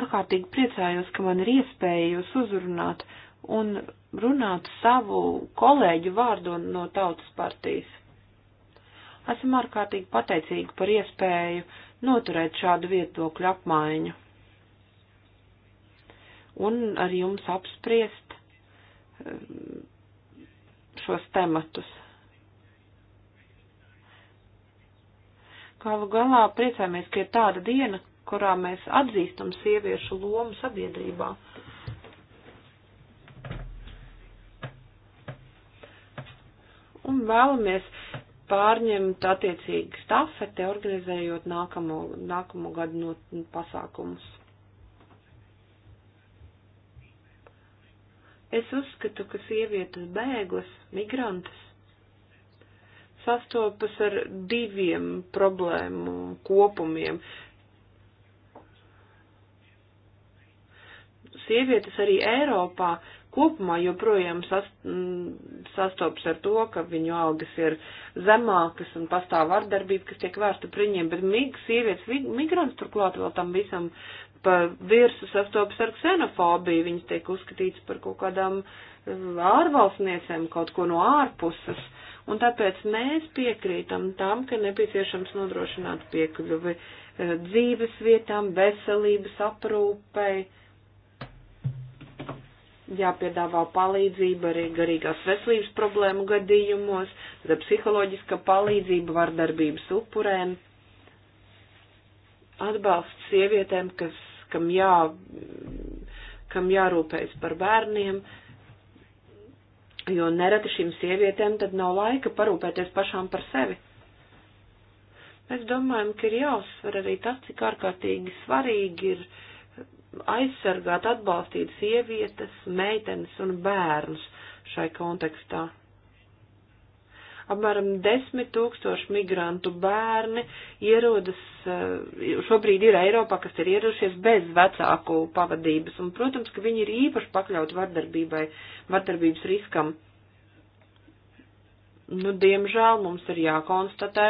ārkārtīgi priecājos, ka man ir iespēja jūs uzrunāt un runāt savu kolēģu vārdu no tautas partijas. Esam ārkārtīgi pateicīgi par iespēju noturēt šādu viedokļu apmaiņu un ar jums apspriest eh, šos tematus. Galu galā priecājamies, ka ir tāda diena, kurā mēs atzīstam sieviešu lomu sabiedrībā un vēlamies pārņemt attiecīgi stafete, organizējot nākamo, nākamo gadu no pasākumus. Es uzskatu, ka sievietes bēglas, migrantas, sastopas ar diviem problēmu kopumiem. Sievietes arī Eiropā uh, kopumā joprojām sas, mm, sastopas ar to, ka viņu algas ir zemākas un pastāv vardarbība, kas tiek vērsta par viņiem, bet mig, sievietes, migrants turklāt vēl tam visam pa virsu sastopas ar ksenofobiju, viņas tiek uzskatīts par kaut kādām mm, ārvalstniecēm, kaut ko no ārpuses, un tāpēc mēs piekrītam tam, ka nepieciešams nodrošināt piekļuvi eh, dzīves vietām, veselības aprūpei, jāpiedāvā palīdzība arī garīgās veselības problēmu gadījumos, tad psiholoģiska palīdzība vardarbības upurēm, atbalsts sievietēm, kas, kam, jā, kam jārūpējas par bērniem, jo nereti šīm sievietēm tad nav laika parūpēties pašām par sevi. Mēs domājam, ka ir jāuzsver arī tas, cik ārkārtīgi svarīgi ir uh, aizsargāt, atbalstīt sievietes, meitenes un bērnus šai kontekstā. Apmēram desmit tūkstoši migrantu bērni ierodas, eh, šobrīd ir Eiropā, kas ir ieradušies bez vecāku pavadības, un, protams, ka viņi ir īpaši pakļauti vardarbībai, vardarbības riskam. Nu, diemžēl mums ir jākonstatē,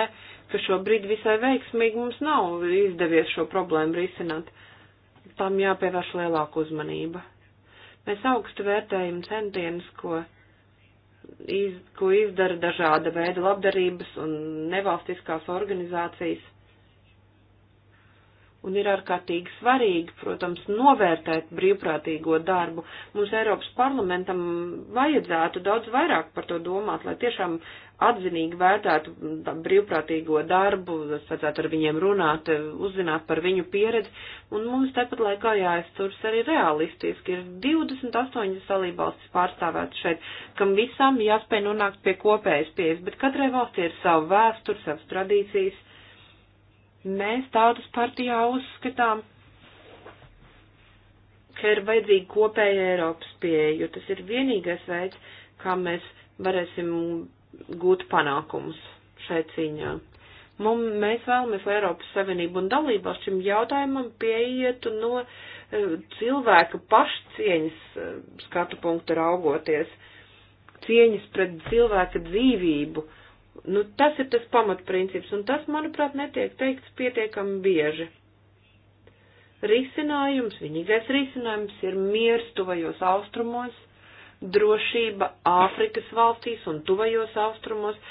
ka šobrīd visai veiksmīgi mums nav izdevies šo problēmu risināt. Uh, tam jāpievērš lielāka uzmanība. Mēs augstu vērtējam centienus, ko, iz, ko izdara dažāda veida labdarības un nevalstiskās organizācijas un ir ārkārtīgi svarīgi, protams, novērtēt brīvprātīgo darbu. Mums Eiropas parlamentam vajadzētu daudz vairāk par to domāt, lai tiešām atzinīgi vērtētu brīvprātīgo darbu, es vajadzētu ar viņiem runāt, uzzināt par viņu pieredzi, un mums tepat laikā jāizturas arī realistiski. Ir 28 salībvalstis pārstāvētas šeit, kam visam jāspēj nonākt pie kopējas pieejas, bet katrai valstī ir sava vēsture, savas tradīcijas Mēs tautas partijā uzskatām, ka ir vajadzīga kopēja Eiropas pieeja, jo tas ir vienīgais veids, kā mēs varēsim gūt panākumus šai cīņā. Mums, mēs vēlamies, lai Eiropas Savienība un dalībās šim jautājumam pieietu no uh, cilvēka pašcieņas uh, skatu punktu raugoties, cieņas pret cilvēka dzīvību, uh, Nu, tas ir tas pamatprincips, un tas, manuprāt, netiek teikts pietiekami bieži. Risinājums, vienīgais risinājums ir miers tuvajos austrumos, drošība Āfrikas valstīs un tuvajos austrumos,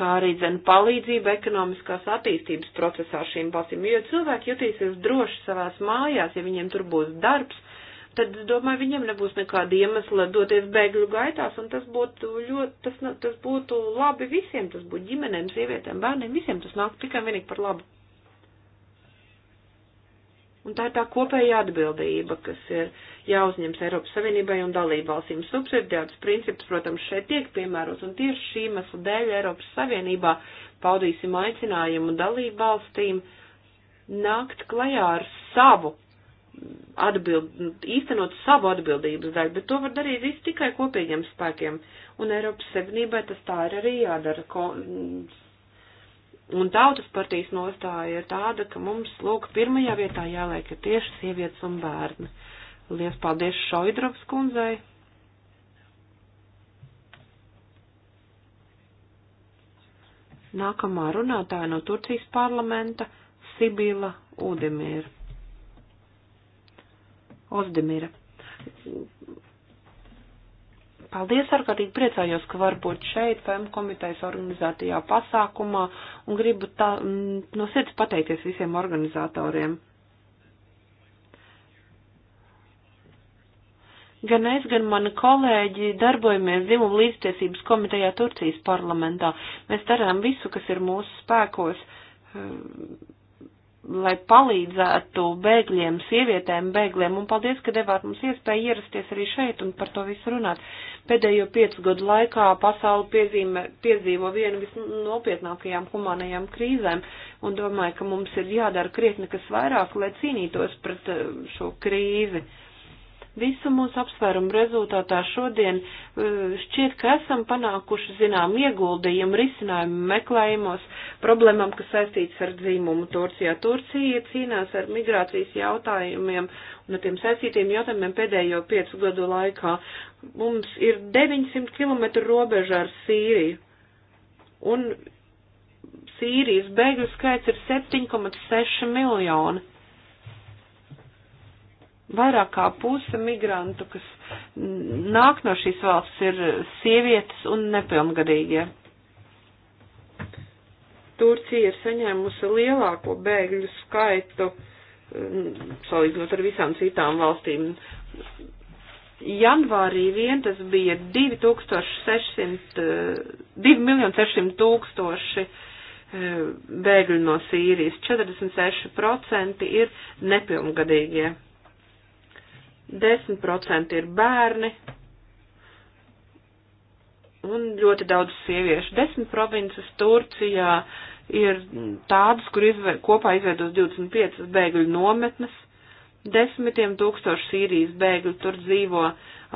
kā arī dzen palīdzība ekonomiskās attīstības procesā šīm valstīm, jo cilvēki jutīsies droši savās mājās, ja viņiem tur būs darbs, tad, domāju, viņiem nebūs nekāda iemesla doties bēgļu gaitās, un tas būtu ļoti, tas, tas būtu labi visiem, tas būtu ģimenēm, sievietēm, bērniem, visiem tas nāk tikai vienīgi par labu. Un tā ir tā kopēja atbildība, kas ir jāuzņems Eiropas Savienībai un dalībvalstīm. Subsidiāts princips, protams, šeit tiek piemērots, un tieši šī mesla dēļ Eiropas Savienībā paudīsim aicinājumu dalībvalstīm nākt klajā ar savu atbild, īstenot savu atbildības daļu, bet to var darīt viss tikai kopīgiem spēkiem. Un Eiropas Savienībai tas tā ir arī jādara. Ko, un tautas partijas nostāja ir tāda, ka mums, lūk, pirmajā vietā jāliek tieši sievietes un bērni. Lielas paldies Šoidrovs kundzei! Nākamā runātāja no Turcijas parlamenta Sibila Udemīra. Ozdemira. Paldies, ārkārtīgi priecājos, ka var būt šeit PM komitejas organizētajā pasākumā un gribu tā, mm, no sirds pateikties visiem organizatoriem. Gan es, gan mani kolēģi darbojamies dzimumu līdztiesības komitejā Turcijas parlamentā. Mēs darām visu, kas ir mūsu spēkos mm, lai palīdzētu bēgļiem, sievietēm, bēgļiem, un paldies, ka devāt mums iespēju ierasties arī šeit un par to visu runāt. Pēdējo piecu gadu laikā pasauli piezīme, piedzīvo vienu visnopietnākajām humanajām krīzēm, un domāju, ka mums ir jādara krietni kas vairāk, lai cīnītos pret eh, šo krīzi. Uh, Visu mūsu apsvērumu rezultātā šodien e, šķiet, ka esam panākuši zinām ieguldījumu risinājumu meklējumos problēmām, kas saistītas ar dzīmumu Turcijā. Turcija cīnās ar migrācijas jautājumiem un ar tiem saistītiem jautājumiem pēdējo piecu gadu laikā. Mums ir 900 km robeža ar Sīriju. Un Sīrijas bēgļu skaits ir 7,6 miljoni Vairāk kā puse migrantu, kas nāk no šīs valsts, ir sievietes un nepilngadīgie. Turcija ir saņēmusi lielāko bēgļu skaitu mm, salīdzinot ar visām citām valstīm. Janvārī vien tas bija 2600, 2 tūkstoši eh, eh, bēgļu no Sīrijas, 46% ir nepilngadīgie. 10% ir bērni un ļoti daudz sieviešu. Desmit provinces Turcijā ir tādas, kur izve, kopā izveidos 25 bēgļu nometnes. Desmitiem tūkstoši Sīrijas bēgļu tur dzīvo,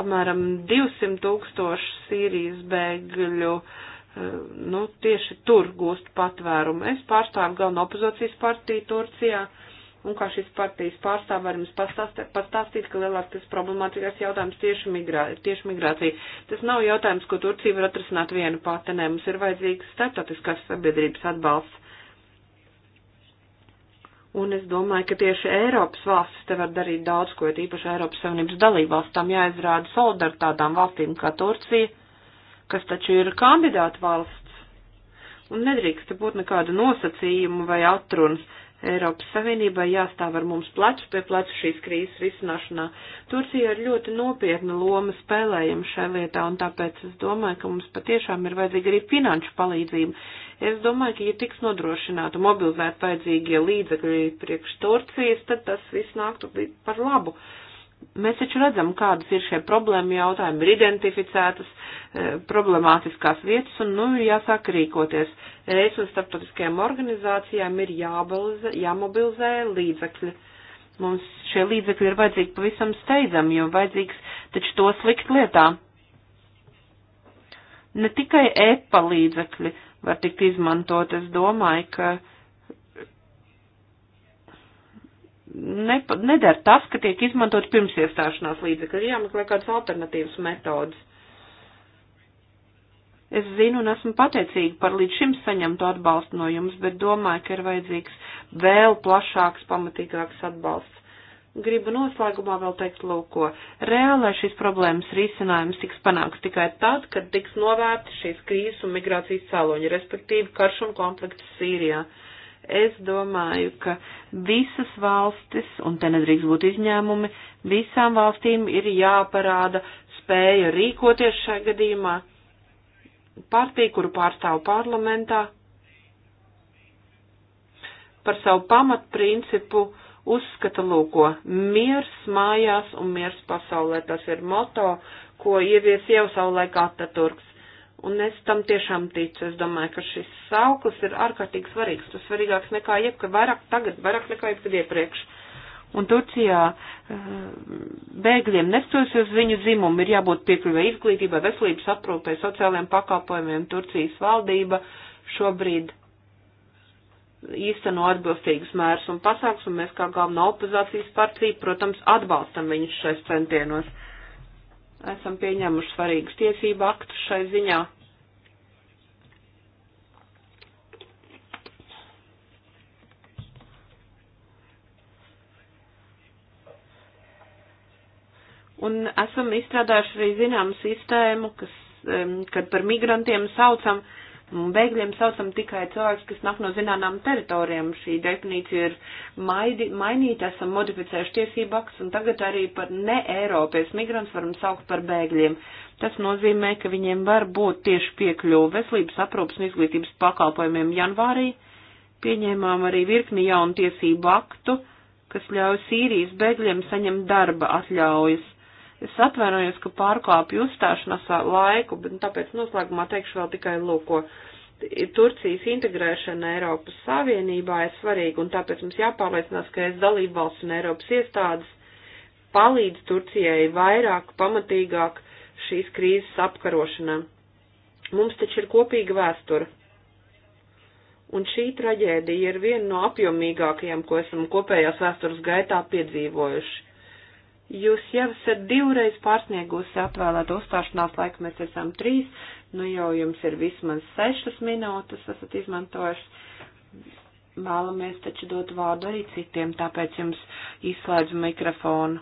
apmēram 200 tūkstoši Sīrijas bēgļu, eh, nu, tieši tur gūst patvērumu. Es pārstāvu galveno opozīcijas partiju Turcijā. Uh, un kā šīs partijas pārstāv var jums pastāstīt, ka lielākais problemātiskais jautājums tieši, migrā, tieši migrācija. Tas nav jautājums, ko Turcija var atrisināt vienu pātenē. Mums ir vajadzīgs starptautiskās sabiedrības atbalsts. Un es domāju, ka tieši Eiropas valstis te var darīt daudz, ko ir īpaši Eiropas Savienības dalībvalstām jāizrāda solidaritāte tādām valstīm kā Turcija, kas taču ir kandidāta valsts. Un nedrīkst te būt nekāda nosacījuma vai atrunas Eiropas Savienībai jāstāv ar mums plecu pie plecu šīs krīzes risināšanā. Turcija ir ļoti nopietna loma spēlējama šai lietā, un tāpēc es domāju, ka mums patiešām ir vajadzīga arī finanšu palīdzība. Es domāju, ka, ja tiks nodrošināta mobilizēt vajadzīgie līdzekļi priekš Turcijas, tad tas viss nāktu par labu. Uh, Mēs taču redzam, kādas ir šie problēma jautājumi, ir identificētas e, problemātiskās vietas un, nu, ir jāsāk rīkoties. Es un starptautiskajām organizācijām ir jābalze, jāmobilizē līdzekļi. Mums šie līdzekļi ir vajadzīgi pavisam steidzami, jo vajadzīgs taču to slikt lietā. Ne tikai EPA līdzekļi var tikt izmantot, es domāju, ka ne, nedara tas, ka tiek izmantot pirms iestāšanās līdzekļi, jāmeklē kādas alternatīvas metodas. Es zinu un esmu pateicīga par līdz šim saņemto atbalstu no jums, bet domāju, ka ir vajadzīgs vēl plašāks, pamatīgāks atbalsts. Gribu noslēgumā vēl teikt, lūko, reālai šīs problēmas risinājums tiks panāks tikai tad, kad tiks novērti šīs krīzes un migrācijas cēloņi, respektīvi karš un konflikts Sīrijā. Uh, Es domāju, ka visas valstis, un te nedrīkst būt izņēmumi, visām valstīm ir jāparāda spēja rīkoties šajā gadījumā. Partija, kuru pārstāv parlamentā, par savu pamatprincipu uzskata lūko miers mājās un miers pasaulē. Tas ir moto, ko ievies jau savulaik Ataturks. Un es tam tiešām ticu. Es domāju, ka šis sauklis ir ārkārtīgi svarīgs. Tas svarīgāks nekā jebkad vairāk tagad, vairāk nekā jebkad iepriekš. Un Turcijā eh, bēgļiem nestoties uz viņu dzimumu ir jābūt piekļuvē izglītībai, veselības aprūpē, sociālajiem pakalpojumiem. Turcijas valdība šobrīd īsteno atbilstīgus mērus un pasāks, un mēs kā galvenā opozīcijas partija, protams, atbalstam viņus šais centienos esam pieņēmuši svarīgus tiesību aktus šai ziņā. Un esam izstrādājuši arī zināmu sistēmu, kas, kad par migrantiem saucam uh, Bēgļiem saucam tikai cilvēks, kas nāk no zināmām teritorijām. Šī definīcija ir maidi, mainīta, esam modificējuši tiesību aktus, un tagad arī par ne Eiropies migrants varam saukt par bēgļiem. Tas nozīmē, ka viņiem var būt tieši piekļuva veselības aprūpas un izglītības pakalpojumiem janvārī. Pieņēmām arī virkni jaunu tiesību aktu, kas ļauj Sīrijas bēgļiem saņemt darba atļaujas Es atvainojos, ka pārkāpju uzstāšanās laiku, bet nu, tāpēc noslēgumā teikšu vēl tikai lūko. Turcijas integrēšana Eiropas Savienībā ir svarīga, un tāpēc mums jāpārliecinās, ka es dalību valsts un Eiropas iestādes palīdz Turcijai vairāk, pamatīgāk šīs krīzes apkarošanā. Mums taču ir kopīga vēstura. Un šī traģēdija ir viena no apjomīgākajām, ko esam kopējās vēstures gaitā piedzīvojuši. Jūs jau esat divreiz pārsniegusi atvēlēto uzstāšanās laiku, mēs esam trīs, nu jau jums ir vismaz sešas minūtes, esat izmantojuši. Vēlamies taču dot vārdu arī citiem, tāpēc jums izslēdzu mikrofonu.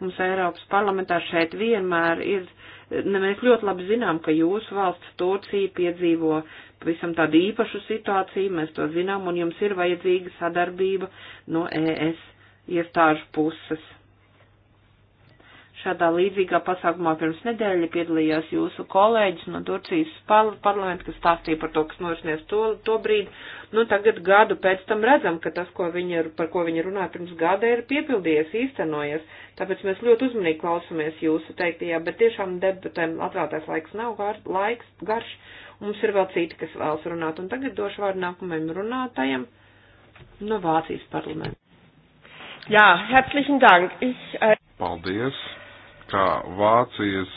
Mums Eiropas parlamentā šeit vienmēr ir, ne, mēs ļoti labi zinām, ka jūsu valsts Turcija piedzīvo pavisam tādu īpašu situāciju, mēs to zinām, un jums ir vajadzīga sadarbība no ES iestāžu puses Šādā līdzīgā pasākumā pirms nedēļa piedalījās jūsu kolēģis no Turcijas par parlamenta, kas stāstīja par to, kas norisinies to, to brīdi. Nu, tagad gadu pēc tam redzam, ka tas, ko viņa, par ko viņa runāja pirms gada, ir piepildījies, īstenojies. Tāpēc mēs ļoti uzmanīgi klausamies jūsu teiktajā, bet tiešām debatēm atrātais laiks nav gar, laiks, garš. Mums ir vēl citi, kas vēlas runāt. Un tagad došu vārdu nākamajam runātājam no Vācijas parlamenta. Jā, herzlichen Dank. Ich, uh... Paldies kā Vācijas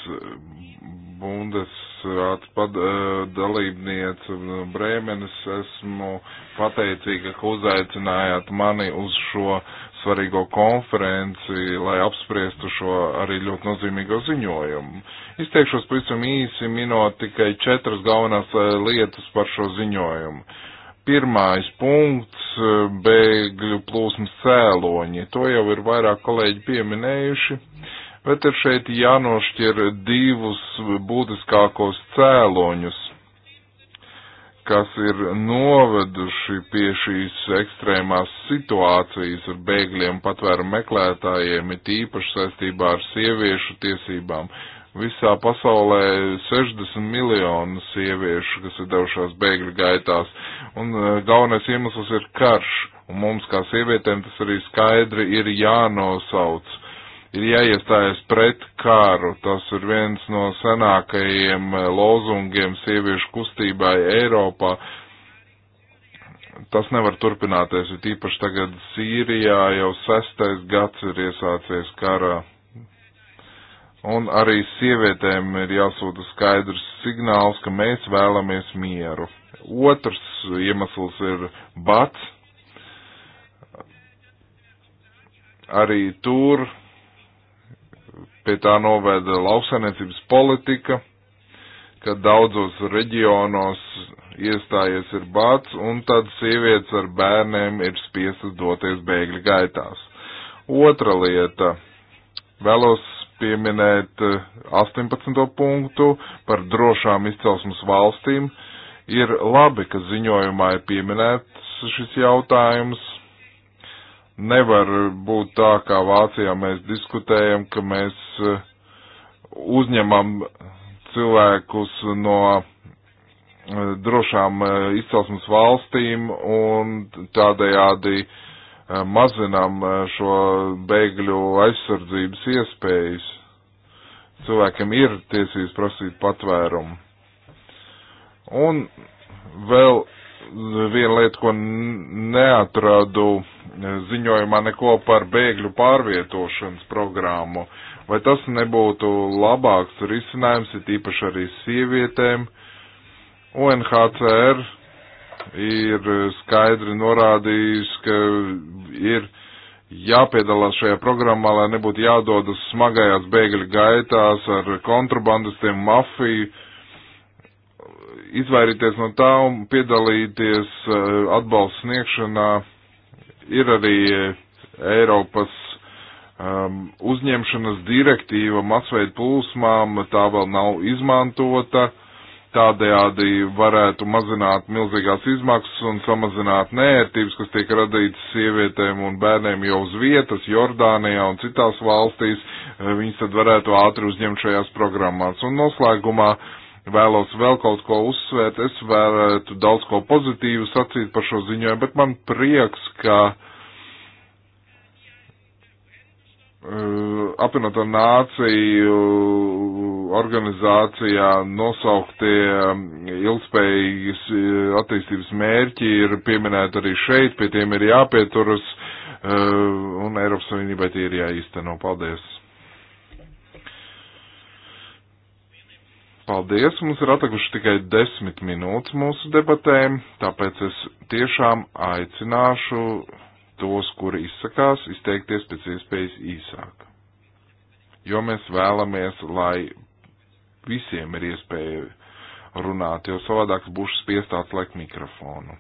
Bundesrāts dalībniece Brēmenes esmu pateicīga, ka uzaicinājāt mani uz šo svarīgo konferenci, lai apspriestu šo arī ļoti nozīmīgo ziņojumu. Izteikšos pavisam īsi, minot tikai četras galvenās eh, lietas par šo ziņojumu. Pirmais punkts eh, - bēgļu plūsmas cēloņi. To jau ir vairāk kolēģi pieminējuši. Uh, bet ir šeit jānošķir divus būtiskākos cēloņus, kas ir noveduši pie šīs ekstrēmās situācijas ar bēgļiem patvēru meklētājiem, it īpaši saistībā ar sieviešu tiesībām. Visā pasaulē 60 miljonu sieviešu, kas ir devušās bēgļu gaitās, un e, galvenais iemesls ir karš, un mums kā sievietēm tas arī skaidri ir jānosauc ir jāiestājas pret kāru. Tas ir viens no senākajiem eh, lozungiem sieviešu kustībai Eiropā. Tas nevar turpināties, jo tīpaši tagad Sīrijā jau sestais gads ir iesācies karā. Un arī sievietēm ir jāsūta skaidrs signāls, ka mēs vēlamies mieru. Otrs iemesls ir bats. Arī tur Pie tā noveda lauksainiecības politika, kad daudzos reģionos iestājies ir bāts, un tad sievietes ar bērniem ir spiestas doties bēgļu gaitās. Otra lieta. Vēlos pieminēt 18. Eh, punktu par drošām izcelsmes valstīm. Ir labi, ka ziņojumā ir pieminēts šis jautājums, Nevar būt tā, kā Vācijā mēs diskutējam, ka mēs eh, uzņemam cilvēkus no eh, drošām eh, izcelsmes valstīm un tādējādi mazinām šo bēgļu aizsardzības iespējas. Cilvēkiem ir tiesības prasīt patvērumu. Un vēl viena lieta, ko neatradu ziņojumā neko par bēgļu pārvietošanas programmu. Vai tas nebūtu labāks risinājums, ir īpaši arī sievietēm? UNHCR ir skaidri norādījis, ka ir jāpiedalās šajā programmā, lai nebūtu jādodas smagajās bēgļu gaitās ar kontrabandistiem, mafiju, izvairīties no tā un piedalīties eh, atbalsts sniegšanā ir arī eh, Eiropas um, uzņemšanas direktīva masveidu plūsmām, tā vēl nav izmantota, tādējādi varētu mazināt milzīgās izmaksas un samazināt nērtības, kas tiek radītas sievietēm un bērniem jau uz vietas, Jordānijā un citās valstīs, eh, viņas tad varētu ātri uzņemt šajās programmās. Un noslēgumā uh, vēlos vēl kaut ko uzsvērt, es varētu daudz ko pozitīvu sacīt par šo ziņojumu, bet man prieks, ka uh, apvienoto nāciju organizācijā nosauktie eh, ilgspējīgas eh, attīstības mērķi ir pieminēti arī šeit, pie tiem ir jāpieturas, uh, un Eiropas Savienībai tie ir jāīsteno. Paldies! Paldies, mums ir atlikuši tikai desmit minūtes mūsu debatēm, tāpēc es tiešām aicināšu tos, kuri izsakās, izteikties pēc iespējas īsāk. Jo mēs vēlamies, lai visiem ir iespēja runāt, jo savādāk būšu spiest atslēgt mikrofonu.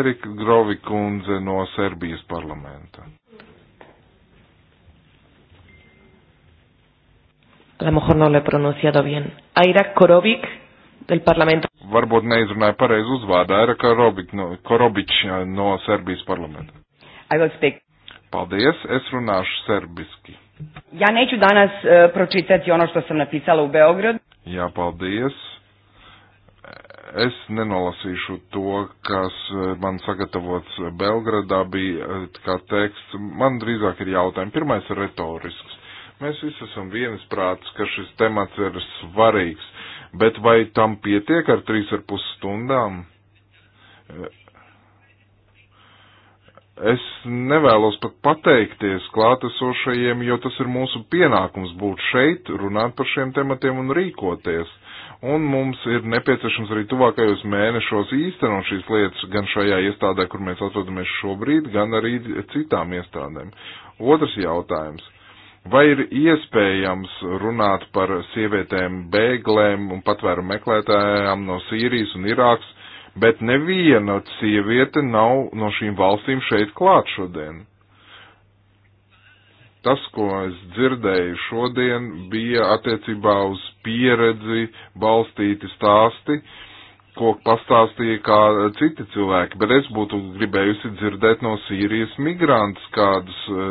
Erika Grovi kundze no Serbijas parlamenta. a lo mejor no lo he pronunciado bien. Aira Korovic, del parlamento. Varbūt neizrunāju pareizi uzvārdu. Aira Korovic, no, Korovic eh, no Serbijas parlamenta. I will speak. Paldies, es runāšu serbiski. Ja neću danas uh, pročitati ono što sam napisala u Beogradu. Jā, paldies. Es nenolasīšu to, kas eh, man sagatavots Belgradā, bija kā teksts. Man drīzāk ir jautājumi. Pirmais ir retorisks Mēs visi esam vienas prātas, ka šis temats ir svarīgs, bet vai tam pietiek ar trīs ar pus stundām? Es nevēlos pat pateikties klātesošajiem, jo tas ir mūsu pienākums būt šeit, runāt par šiem tematiem un rīkoties. Un mums ir nepieciešams arī tuvākajos mēnešos īstenot šīs lietas gan šajā iestādē, kur mēs atrodamies šobrīd, gan arī citām iestādēm. Otrs jautājums. Vai ir iespējams runāt par sievietēm, bēglēm un patvēru meklētājām no Sīrijas un Irāks, bet neviena sieviete nav no šīm valstīm šeit klāt šodien? Tas, ko es dzirdēju šodien, bija attiecībā uz pieredzi balstīti stāsti, uh, ko pastāstīja kā citi cilvēki, bet es būtu gribējusi dzirdēt no Sīrijas migrantus kādus e,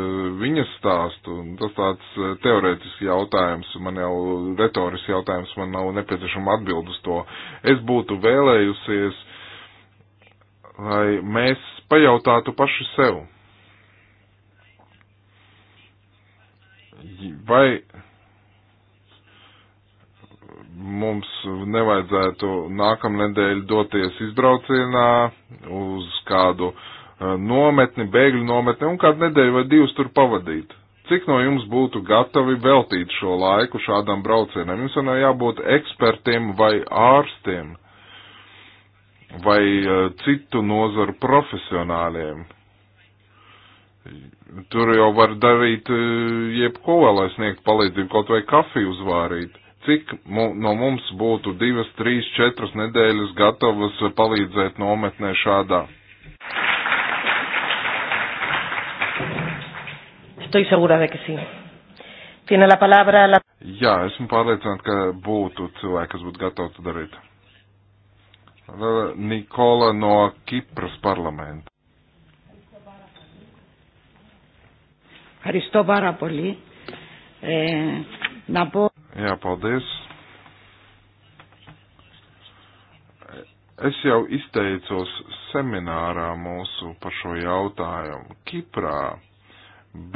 viņas stāstu. Tas tāds e, teorētisks jautājums, man jau retorisks jautājums, man nav nepieciešama atbild uz to. Es būtu vēlējusies, lai mēs pajautātu paši sev. Vai mums nevajadzētu nākamnedēļ doties izbraucienā uz kādu eh, nometni, bēgļu nometni un kādu nedēļu vai divas tur pavadīt. Cik no jums būtu gatavi veltīt šo laiku šādam braucienam? Jums nav jābūt ekspertiem vai ārstiem vai eh, citu nozaru profesionāļiem. Tur jau var darīt eh, jebko, lai sniegtu palīdzību, kaut vai kafiju uzvārīt cik mu, no mums būtu divas, trīs, četras nedēļas gatavas palīdzēt nometnē šādā? Estoy segura de que sí. Tiene la palabra la... Jā, esmu pārliecināta, ka būtu cilvēki, kas būtu gatavi to darīt. Nikola no Kipras parlamenta. Ευχαριστώ πάρα πολύ. Ε, να πω... Jā, paldies. Es jau izteicos seminārā mūsu par šo jautājumu. Kiprā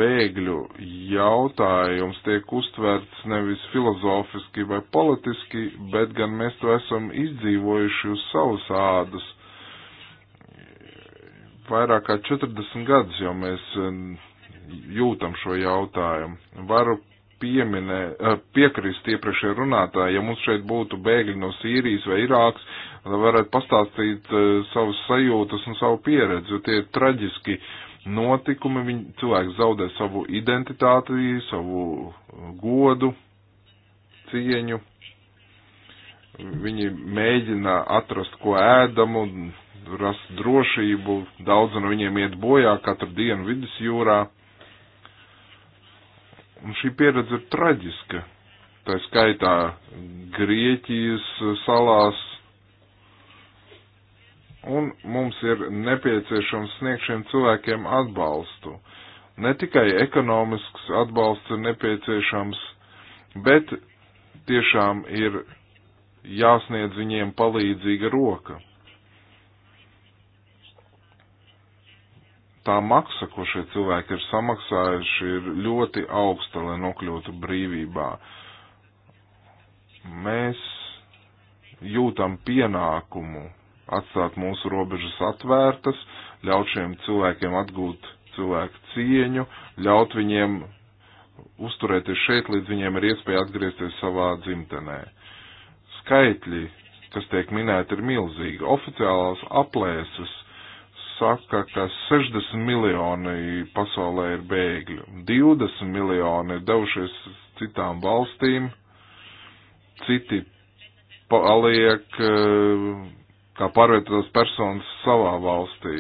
bēgļu jautājums tiek uztverts nevis filozofiski vai politiski, bet gan mēs to esam izdzīvojuši uz savas ādas vairāk kā 40 gadus, jo mēs eh, jūtam šo jautājumu. Varu pieminē, eh, piekrist iepriekšējā runātāja, ja mums šeit būtu bēgļi no Sīrijas vai Irāks, varētu pastāstīt eh, savas sajūtas un savu pieredzi, jo tie ir traģiski notikumi, viņi, cilvēki zaudē savu identitāti, savu eh, godu, cieņu, viņi mēģina atrast ko ēdamu, rast drošību, daudz no viņiem iet bojā katru dienu vidusjūrā Un šī pieredze ir traģiska. Tā skaitā Grieķijas salās. Un mums ir nepieciešams sniegt šiem cilvēkiem atbalstu. Ne tikai ekonomisks atbalsts ir nepieciešams, bet tiešām ir jāsniedz viņiem palīdzīga roka. tā maksa, ko šie cilvēki ir samaksājuši, ir ļoti augsta, lai nokļūtu brīvībā. Mēs jūtam pienākumu atstāt mūsu robežas atvērtas, ļaut šiem cilvēkiem atgūt cilvēku cieņu, ļaut viņiem uzturēties šeit, līdz viņiem ir iespēja atgriezties savā dzimtenē. Skaitļi, kas tiek minēti, ir milzīgi. Oficiālās aplēses saka, ka 60 miljoni pasaulē ir bēgļu, 20 miljoni ir devušies citām valstīm, citi paliek eh, kā pārvietotās personas savā valstī.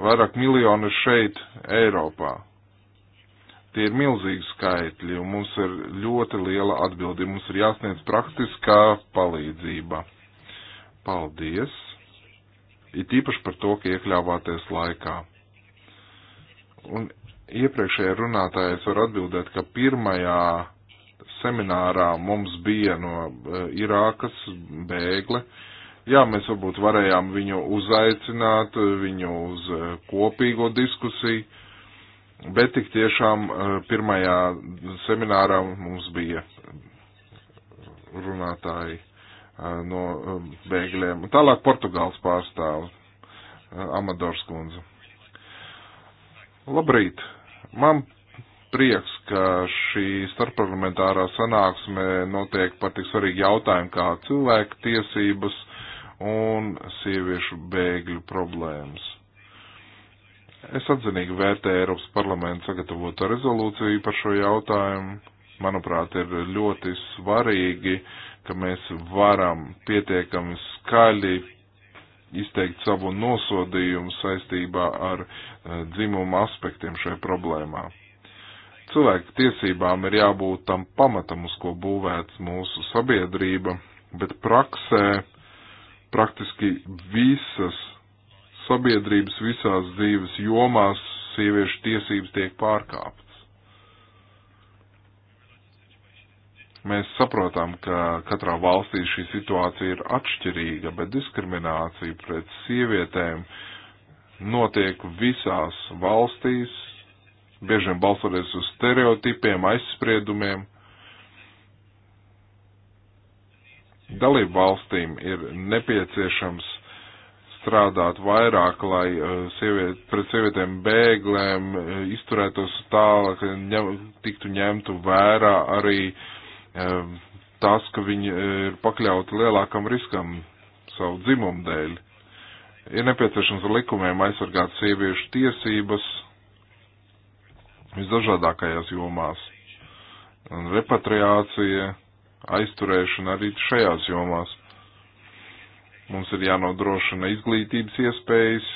Vairāk miljoni šeit, Eiropā. Tie ir milzīgi skaitļi, un mums ir ļoti liela atbildība. Mums ir jāsniedz praktiskā palīdzība. Paldies! It īpaši par to, ka iekļāvāties laikā. Un iepriekšējā runātājā es varu atbildēt, ka pirmajā seminārā mums bija no e, Irākas bēgle. Jā, mēs varbūt varējām viņu uzaicināt, viņu uz e, kopīgo diskusiju, bet tik tiešām e, pirmajā seminārā mums bija runātāji no bēgļiem. Tālāk Portugāls pārstāvs Amadors Kundze. Labrīt! Man prieks, ka šī starpparlamentārā sanāksme notiek par tik svarīgu jautājumu kā cilvēku tiesības un sieviešu bēgļu problēmas. Es atzinīgi vērtēju Eiropas parlamentu sagatavoto rezolūciju par šo jautājumu. Manuprāt, ir ļoti svarīgi uh, ka mēs varam pietiekami skaļi izteikt savu nosodījumu saistībā ar eh, dzimumu aspektiem šai problēmā. Cilvēku tiesībām ir jābūt tam pamatam, uz ko būvēts mūsu sabiedrība, bet praksē praktiski visas sabiedrības, visās dzīves jomās sieviešu tiesības tiek pārkāptas. Mēs saprotam, ka katrā valstī šī situācija ir atšķirīga, bet diskriminācija pret sievietēm notiek visās valstīs, bieži vien balsoties uz stereotipiem, aizspriedumiem. Dalību valstīm ir nepieciešams strādāt vairāk, lai eh, sieviet, pret sievietēm bēglēm eh, izturētos tā, lai ņem, tiktu ņemtu vērā arī uh, tas, ka viņi e, ir pakļauti lielākam riskam savu dzimumu dēļ. Ir nepieciešams ar likumiem aizsargāt sieviešu tiesības visdažādākajās jomās. Un repatriācija, aizturēšana arī šajās jomās. Mums ir jānodrošina izglītības iespējas,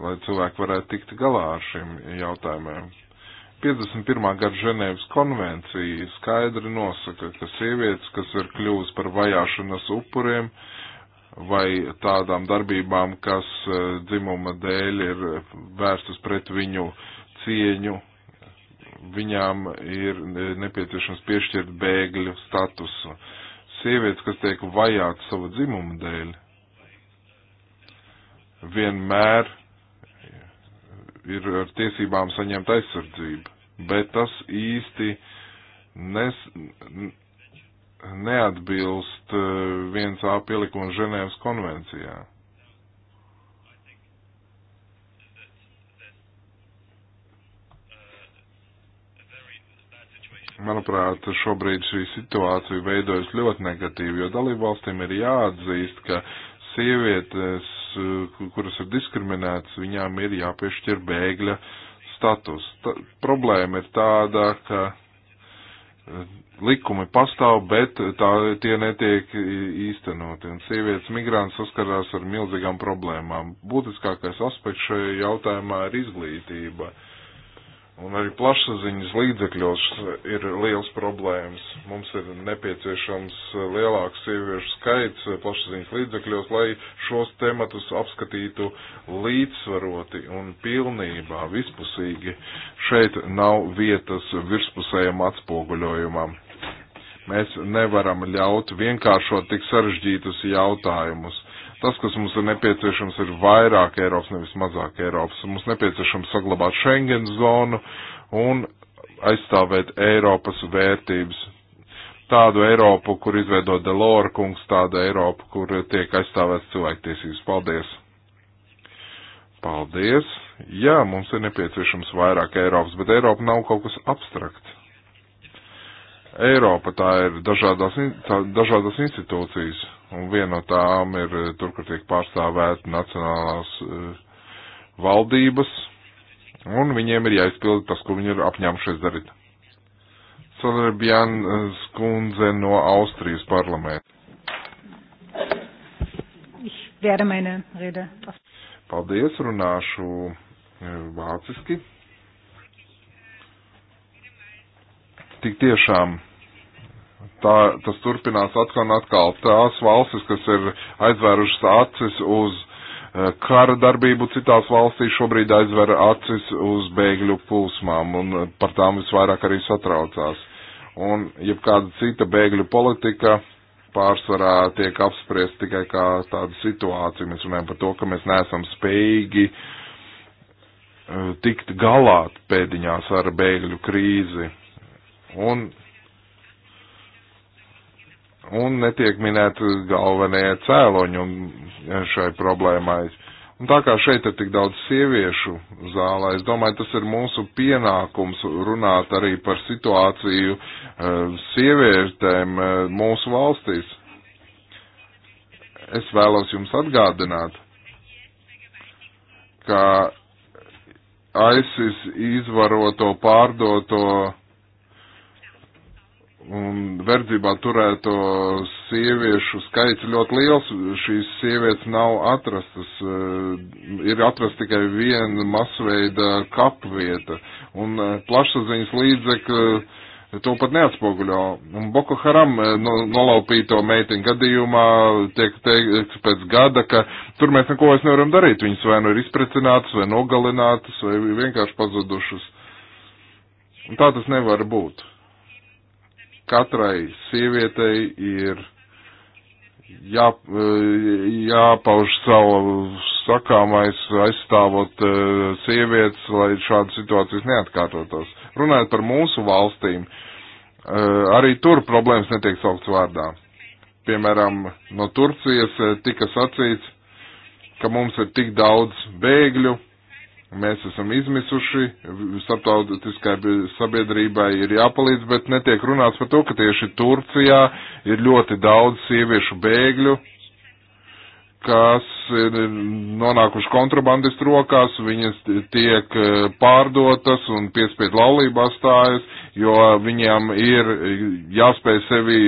lai cilvēki varētu tikt galā ar šiem jautājumiem. 51. gada Ženēvas konvencija skaidri nosaka, ka sievietes, kas ir kļuvusi par vajāšanas upuriem vai tādām darbībām, kas eh, dzimuma dēļ ir vērstas pret viņu cieņu, viņām ir nepieciešams piešķirt bēgļu statusu. Sievietes, kas tiek vajāts sava dzimuma dēļ, vienmēr ir ar tiesībām saņemt aizsardzību bet tas īsti nes, neatbilst 1A eh, pielikuma Ženēvas konvencijā. manuprāt, šobrīd šī situācija veidojas ļoti negatīvi, jo dalībvalstīm ir jāatzīst, ka sievietes, eh, kuras ir diskriminētas, viņām ir jāpiešķir bēgļa status. Ta, problēma ir tāda, ka e, likumi pastāv, bet tā, tie netiek īstenoti. Un sievietes migrāns saskarās ar milzīgām problēmām. Būtiskākais aspekts šajā jautājumā ir izglītība. Uh, Un arī plašsaziņas līdzekļos ir liels problēmas. Mums ir nepieciešams lielāks sieviešu skaits plašsaziņas līdzekļos, lai šos tematus apskatītu līdzsvaroti un pilnībā, vispusīgi. Šeit nav vietas virspusējam atspoguļojumam. Mēs nevaram ļaut vienkāršot tik sarežģītus jautājumus. Tas, kas mums ir nepieciešams, ir vairāk Eiropas, nevis mazāk Eiropas. Mums nepieciešams saglabāt Schengen zonu un aizstāvēt Eiropas vērtības. Tādu Eiropu, kur izveido Delora kungs, tādu Eiropu, kur tiek aizstāvēts cilvēktiesības. Paldies! Paldies! Jā, mums ir nepieciešams vairāk Eiropas, bet Eiropa nav kaut kas abstrakts. Eiropa tā ir dažādās, tā, dažādas institūcijas Un viena no tām ir eh, tur, kur tiek pārstāvēta nacionālās eh, valdības, un viņiem ir jāizpilda tas, ko viņi ir apņēmušies darīt. Salarbjan eh, skundze no Austrijas parlamenta. Paldies, runāšu vāciski. Tik tiešām tā, tas turpinās atkal un atkal. Tās valstis, kas ir aizvērušas acis uz eh, kara darbību citās valstīs, šobrīd aizver acis uz bēgļu plūsmām un eh, par tām visvairāk arī satraucās. Un jebkāda cita bēgļu politika pārsvarā tiek apspriest tikai kā tāda situācija. Mēs runājam par to, ka mēs neesam spējīgi eh, tikt galā pēdiņās ar bēgļu krīzi. Un un netiek minēti galvenie cēloņi šai problēmai. Un tā kā šeit ir tik daudz sieviešu zālē, es domāju, tas ir mūsu pienākums runāt arī par situāciju uh, sievietēm uh, mūsu valstīs. Es vēlos jums atgādināt, ka ISIS izvaroto, pārdoto un verdzībā turēto sieviešu skaits ļoti liels. Šīs sievietes nav atrastas, eh, ir atrasta tikai viena masveida kapvieta, un eh, plašsaziņas līdzekļi eh, to pat neatspoguļo. Un Boko Haram no, nolaupīto meitiņu gadījumā tiek teikts pēc gada, ka tur mēs neko vairs nevaram darīt. Viņas vai nu ir izprecinātas, vai nogalinātas, vai vienkārši pazudušas. Un tā tas nevar būt katrai sievietei ir jā, jāpauž savu sakāmais, aizstāvot e, sievietes, lai šādas situācijas neatkārtotos. Runājot par mūsu valstīm, e, arī tur problēmas netiek saukts vārdā. Piemēram, no Turcijas e, tika sacīts, ka mums ir tik daudz bēgļu, Mēs esam izmisuši, starptautiskai sabiedrībai ir jāpalīdz, bet netiek runāts par to, ka tieši Turcijā ir ļoti daudz sieviešu bēgļu, kas ir nonākuši kontrabandistu rokās, viņas tiek eh, pārdotas un piespiedu laulību atstājas, jo viņiem ir jāspēj sevi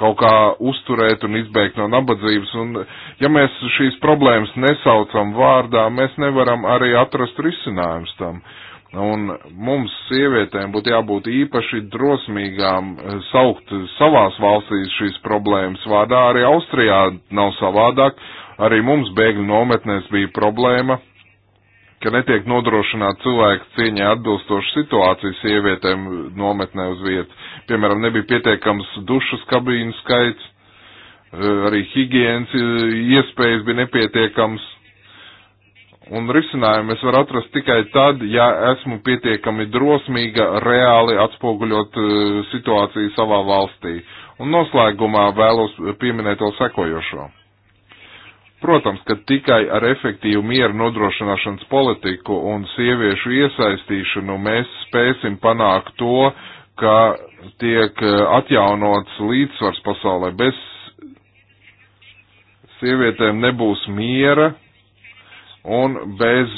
kaut kā uzturēt un izbēgt no nabadzības. Un, ja mēs šīs problēmas nesaucam vārdā, mēs nevaram arī atrast risinājums tam. Un mums, sievietēm, būtu jābūt īpaši drosmīgām eh, saukt savās valstīs šīs problēmas vārdā. Arī Austrijā nav savādāk. Arī mums bēgļu nometnēs bija problēma, ka netiek nodrošināta cilvēka cieņai atbilstoša situācija sievietēm nometnē uz vietas. Piemēram, nebija pietiekams dušas kabīnu skaits, e, arī higienas e, iespējas bija nepietiekams. Un risinājumu es varu atrast tikai tad, ja esmu pietiekami drosmīga reāli atspoguļot e, situāciju savā valstī. Un noslēgumā vēlos pieminēt vēl sekojošo. Protams, ka tikai ar efektīvu mieru nodrošināšanas politiku un sieviešu iesaistīšanu mēs spēsim panākt to, ka tiek e, atjaunots līdzsvars pasaulē. Bez sievietēm nebūs miera un bez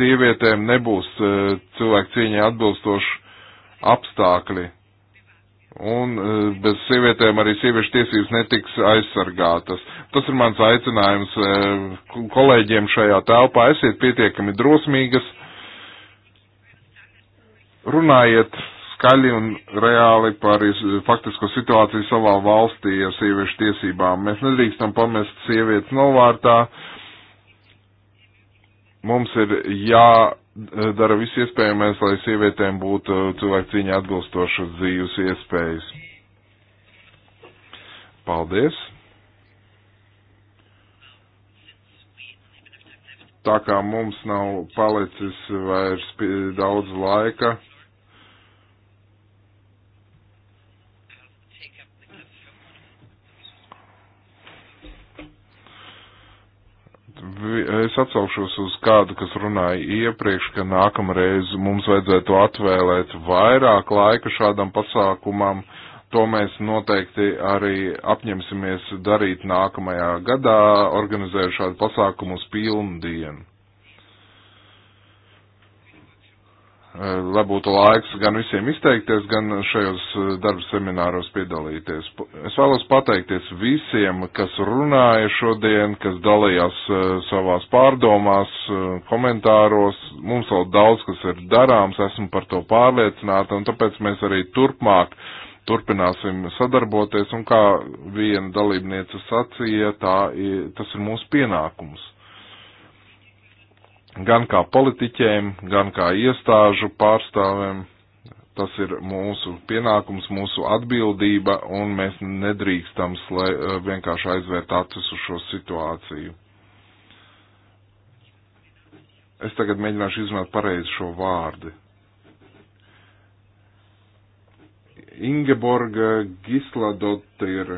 sievietēm nebūs e, cilvēku cieņai atbilstoši apstākļi un e, bez sievietēm arī sieviešu tiesības netiks aizsargātas. Tas ir mans aicinājums e, kolēģiem šajā telpā. Esiet pietiekami drosmīgas, runājiet skaļi un reāli par faktisko situāciju savā valstī ar sieviešu tiesībām. Mēs nedrīkstam pamest sievietes novārtā. Mums ir jā E, dara visu iespējamais, lai sievietēm būtu cilvēku cīņa atbilstošas dzīves iespējas. Paldies! Tā kā mums nav palicis vairs daudz laika. Es atsaukšos uz kādu, kas runāja iepriekš, ka nākamreiz mums vajadzētu atvēlēt vairāk laika šādam pasākumam. To mēs noteikti arī apņemsimies darīt nākamajā gadā, organizējot šādu pasākumu uz pilnu dienu. Eh, lai būtu laiks gan visiem izteikties, gan šajos eh, darba semināros piedalīties. Es vēlos pateikties visiem, kas runāja šodien, kas dalījās eh, savās pārdomās, komentāros. Mums vēl daudz, kas ir darāms, esmu par to pārliecināta, un tāpēc mēs arī turpmāk turpināsim sadarboties, un kā viena dalībniece sacīja, tā, tas ir mūsu pienākums gan kā politiķiem, gan kā iestāžu pārstāvēm. Tas ir mūsu pienākums, mūsu atbildība, un mēs nedrīkstam slē, eh, vienkārši aizvērt acis uz šo situāciju. Es tagad mēģināšu izrunāt pareizi šo vārdu. Ingeborga Gisladotte ir,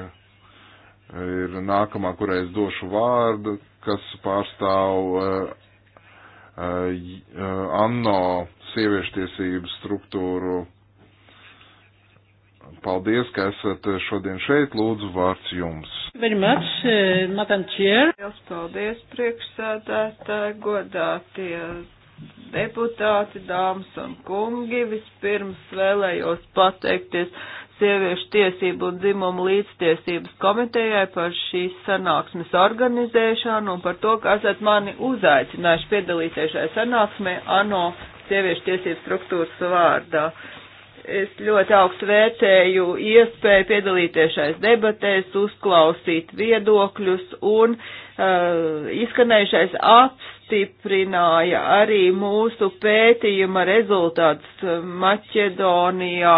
ir nākamā, kurai es došu vārdu, kas pārstāv eh, ANO sieviešu tiesību struktūru. Paldies, ka esat šodien šeit. Lūdzu, vārds jums. Very much, uh, Madam Chair. Jūs paldies, priekšsēdētāji, godātie deputāti, dāmas un kungi. Vispirms vēlējos pateikties sieviešu tiesību un dzimumu līdztiesības komitejai par šīs sanāksmes organizēšanu un par to, ka esat mani uzaicinājuši piedalīties šajā sanāksmē ANO sieviešu tiesību struktūras vārdā. Es ļoti augstu vērtēju iespēju piedalīties šais debatēs, uzklausīt viedokļus un uh, izskanējušais apstiprināja arī mūsu pētījuma rezultāts Maķedonijā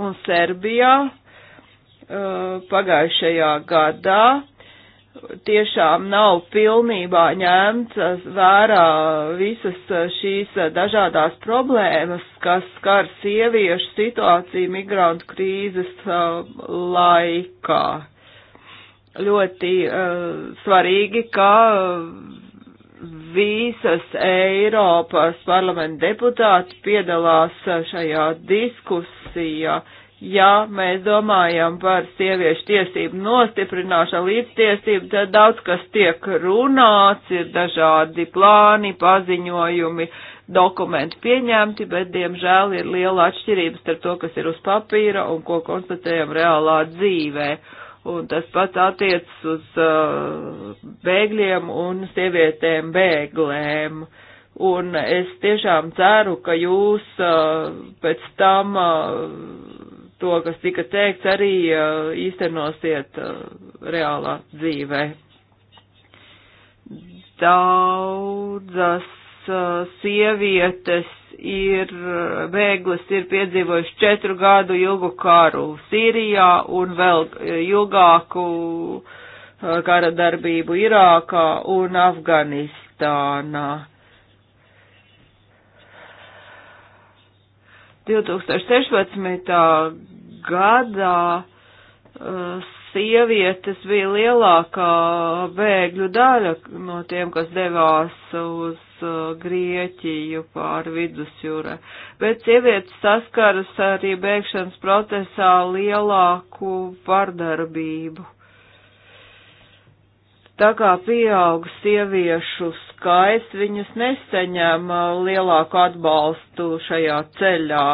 un Serbijā eh, pagājušajā gadā tiešām nav pilnībā ņemts vērā visas šīs dažādās problēmas, kas skar sieviešu situāciju migrantu krīzes eh, laikā. Ļoti uh, svarīgi, ka visas Eiropas parlamenta deputāti piedalās šajā diskusijā. Ja mēs domājam par sieviešu tiesību nostiprināšanu līdztiesību, tad daudz kas tiek runāts, ir dažādi plāni, paziņojumi, dokumenti pieņemti, bet diemžēl ir liela atšķirības starp to, kas ir uz papīra un ko konstatējam reālā dzīvē. Uh, un tas pats attiecas uz uh, bēgļiem un sievietēm bēglēm. Un es tiešām ceru, ka jūs uh, pēc tam uh, to, kas tika teikts, arī uh, īstenosiet uh, reālā dzīvē. Daudzas uh, sievietes ir bēglis ir piedzīvojis četru gadu ilgu karu Sīrijā un vēl eh, ilgāku eh, kara darbību Irākā un Afganistānā. 2016. gadā uh, sievietes bija lielākā bēgļu daļa no tiem, kas devās uz Uh, Grieķiju pār vidusjūrē. Bet sievietes saskaras arī bēgšanas procesā lielāku vardarbību. Tā kā pieaug sieviešu skaits, viņas neseņem uh, lielāku atbalstu šajā ceļā,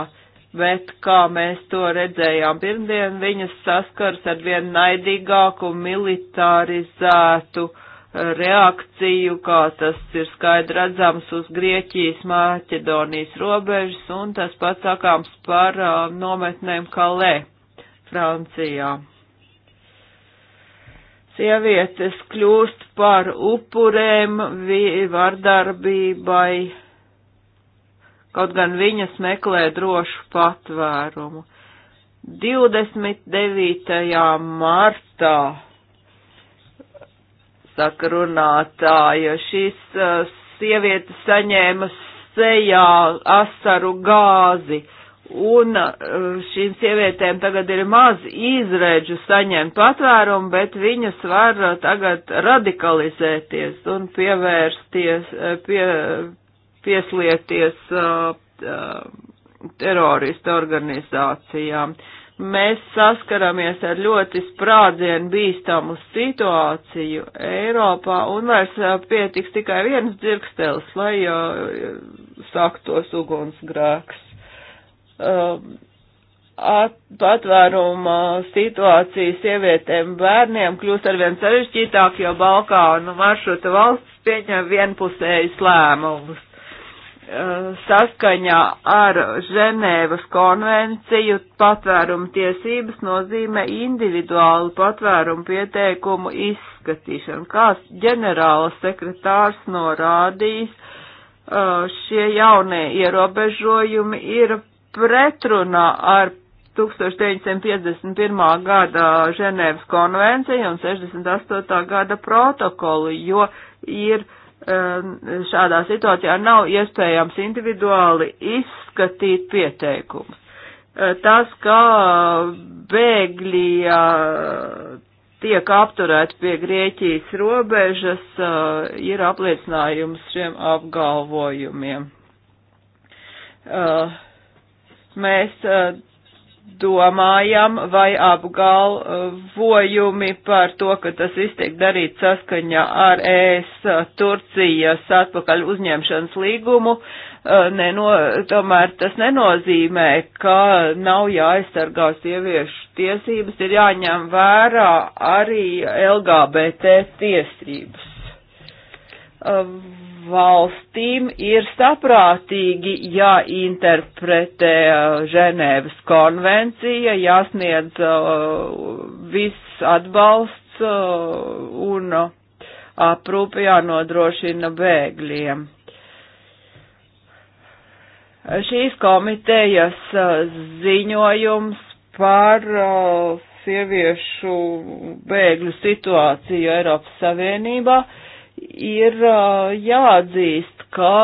bet, kā mēs to redzējām pirmdien, viņas saskars ar vien naidīgāku militarizētu uh, reakciju, kā tas ir skaidri redzams uz Grieķijas, Maķedonijas robežas, un tas pats sakāms par uh, nometnēm Kalē, Francijā. Sievietes kļūst par upurēm vardarbībai, kaut gan viņas meklē drošu patvērumu. 29. martā saka runātāja. Šīs uh, sievietes saņēma sejā asaru gāzi. Un uh, šīm sievietēm tagad ir maz izrēģu saņemt patvērumu, bet viņas var uh, tagad radikalizēties un pievērsties, uh, pie, pieslieties uh, terorista organizācijām. Uh, mēs saskaramies ar ļoti sprādzienu bīstamu situāciju Eiropā un vairs pietiks tikai viens dzirkstēls, lai uh, saktos ugunsgrēks. Uh, at, patvēruma situācija sievietēm bērniem kļūst arvien sarežģītāk, jo Balkānu maršruta valsts pieņem vienpusējas lēmumus saskaņā ar Ženēvas konvenciju patvērumu tiesības nozīmē individuālu patvērumu pieteikumu izskatīšanu. Kā ģenerāla sekretārs norādījis, šie jaunie ierobežojumi ir pretrunā ar 1951. gada Ženēvas konvenciju un 68. gada protokolu, jo ir uh, Um, šādā situācijā nav iespējams individuāli izskatīt pieteikumus. Uh, tas, kā bēgļi tiek apturēti pie Grieķijas robežas, uh, ir apliecinājums šiem apgalvojumiem. Uh, mēs domājam vai apgalvojumi uh, par to, ka tas viss tiek darīts saskaņā ar ES uh, Turcijas atpakaļ uzņemšanas līgumu, uh, neno, tomēr tas nenozīmē, ka nav jāaizsargā sieviešu tiesības, ir jāņem vērā arī LGBT tiesības valstīm ir saprātīgi jāinterpretē uh, Ženēvas konvencija, jāsniedz uh, viss atbalsts uh, un aprūpi jānodrošina bēgļiem. Šīs komitejas ziņojums par sieviešu bēgļu situāciju Eiropas Savienībā uh, ir jāatzīst, ka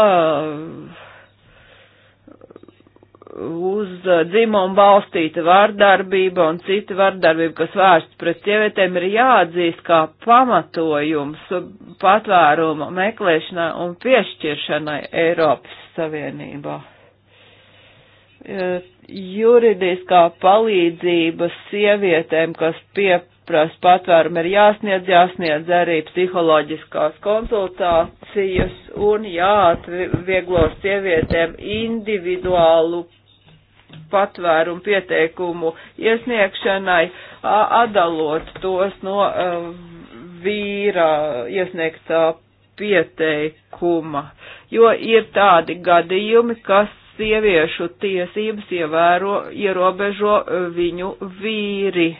uz dzimumu balstīta vārdarbība un cita vārdarbība, kas vērsts pret sievietēm, ir jāatzīst kā pamatojums patvērumu meklēšanai un piešķiršanai Eiropas Savienībā. Juridiskā palīdzība sievietēm, kas pie jāprast patvērumu, ir jāsniedz, jāsniedz arī psiholoģiskās konsultācijas un jāatvieglo sievietēm individuālu patvērumu pieteikumu iesniegšanai, atdalot tos no uh, vīra iesniegtā pieteikuma, jo ir tādi gadījumi, kas sieviešu tiesības ievēro, ierobežo viņu vīri.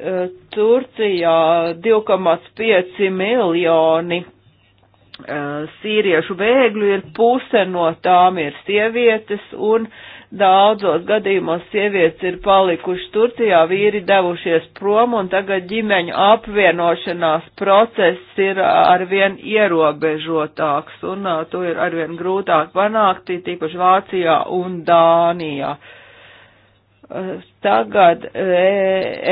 Eh, Turcijā 2,5 miljoni eh, sīriešu bēgļu ir puse no tām ir sievietes un daudzos gadījumos sievietes ir palikuši Turcijā, vīri devušies prom un tagad ģimeņu apvienošanās process ir arvien ierobežotāks un eh, to ir arvien grūtāk panākt, tīpaši Vācijā un Dānijā. Uh, Tagad e,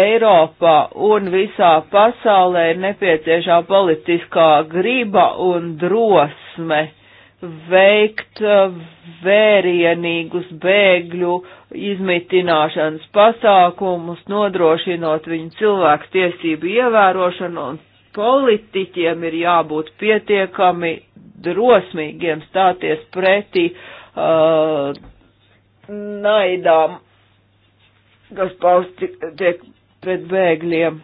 Eiropā un visā pasaulē ir nepieciešama politiskā griba un drosme veikt e, vērienīgus bēgļu izmitināšanas pasākumus, nodrošinot viņu cilvēku tiesību ievērošanu, un politiķiem ir jābūt pietiekami drosmīgiem stāties pretī uh, naidām kas pausti tiek pret bēgļiem.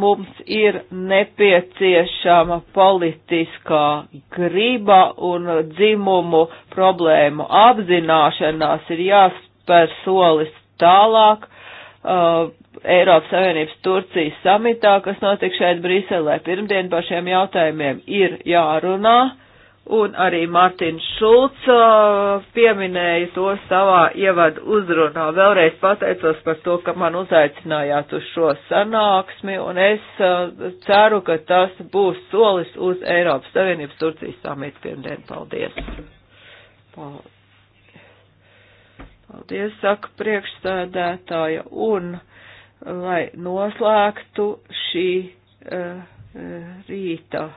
Mums ir nepieciešama politiskā griba un dzimumu problēmu apzināšanās ir jāspēr solis tālāk uh, Eiropas Savienības Turcijas samitā, kas notiek šeit Briselē. Pirmdien par šiem jautājumiem ir jārunā. Uh, un arī Mārtiņš Šulca uh, pieminēja to savā ievadu uzrunā. Vēlreiz pateicos par to, ka man uzaicinājāt uz šo sanāksmi, un es uh, ceru, ka tas būs solis uz Eiropas Savienības Turcijas samitu pirmdien. Paldies! Paldies, saka priekšstādētāja, un lai noslēgtu šī uh, uh rīta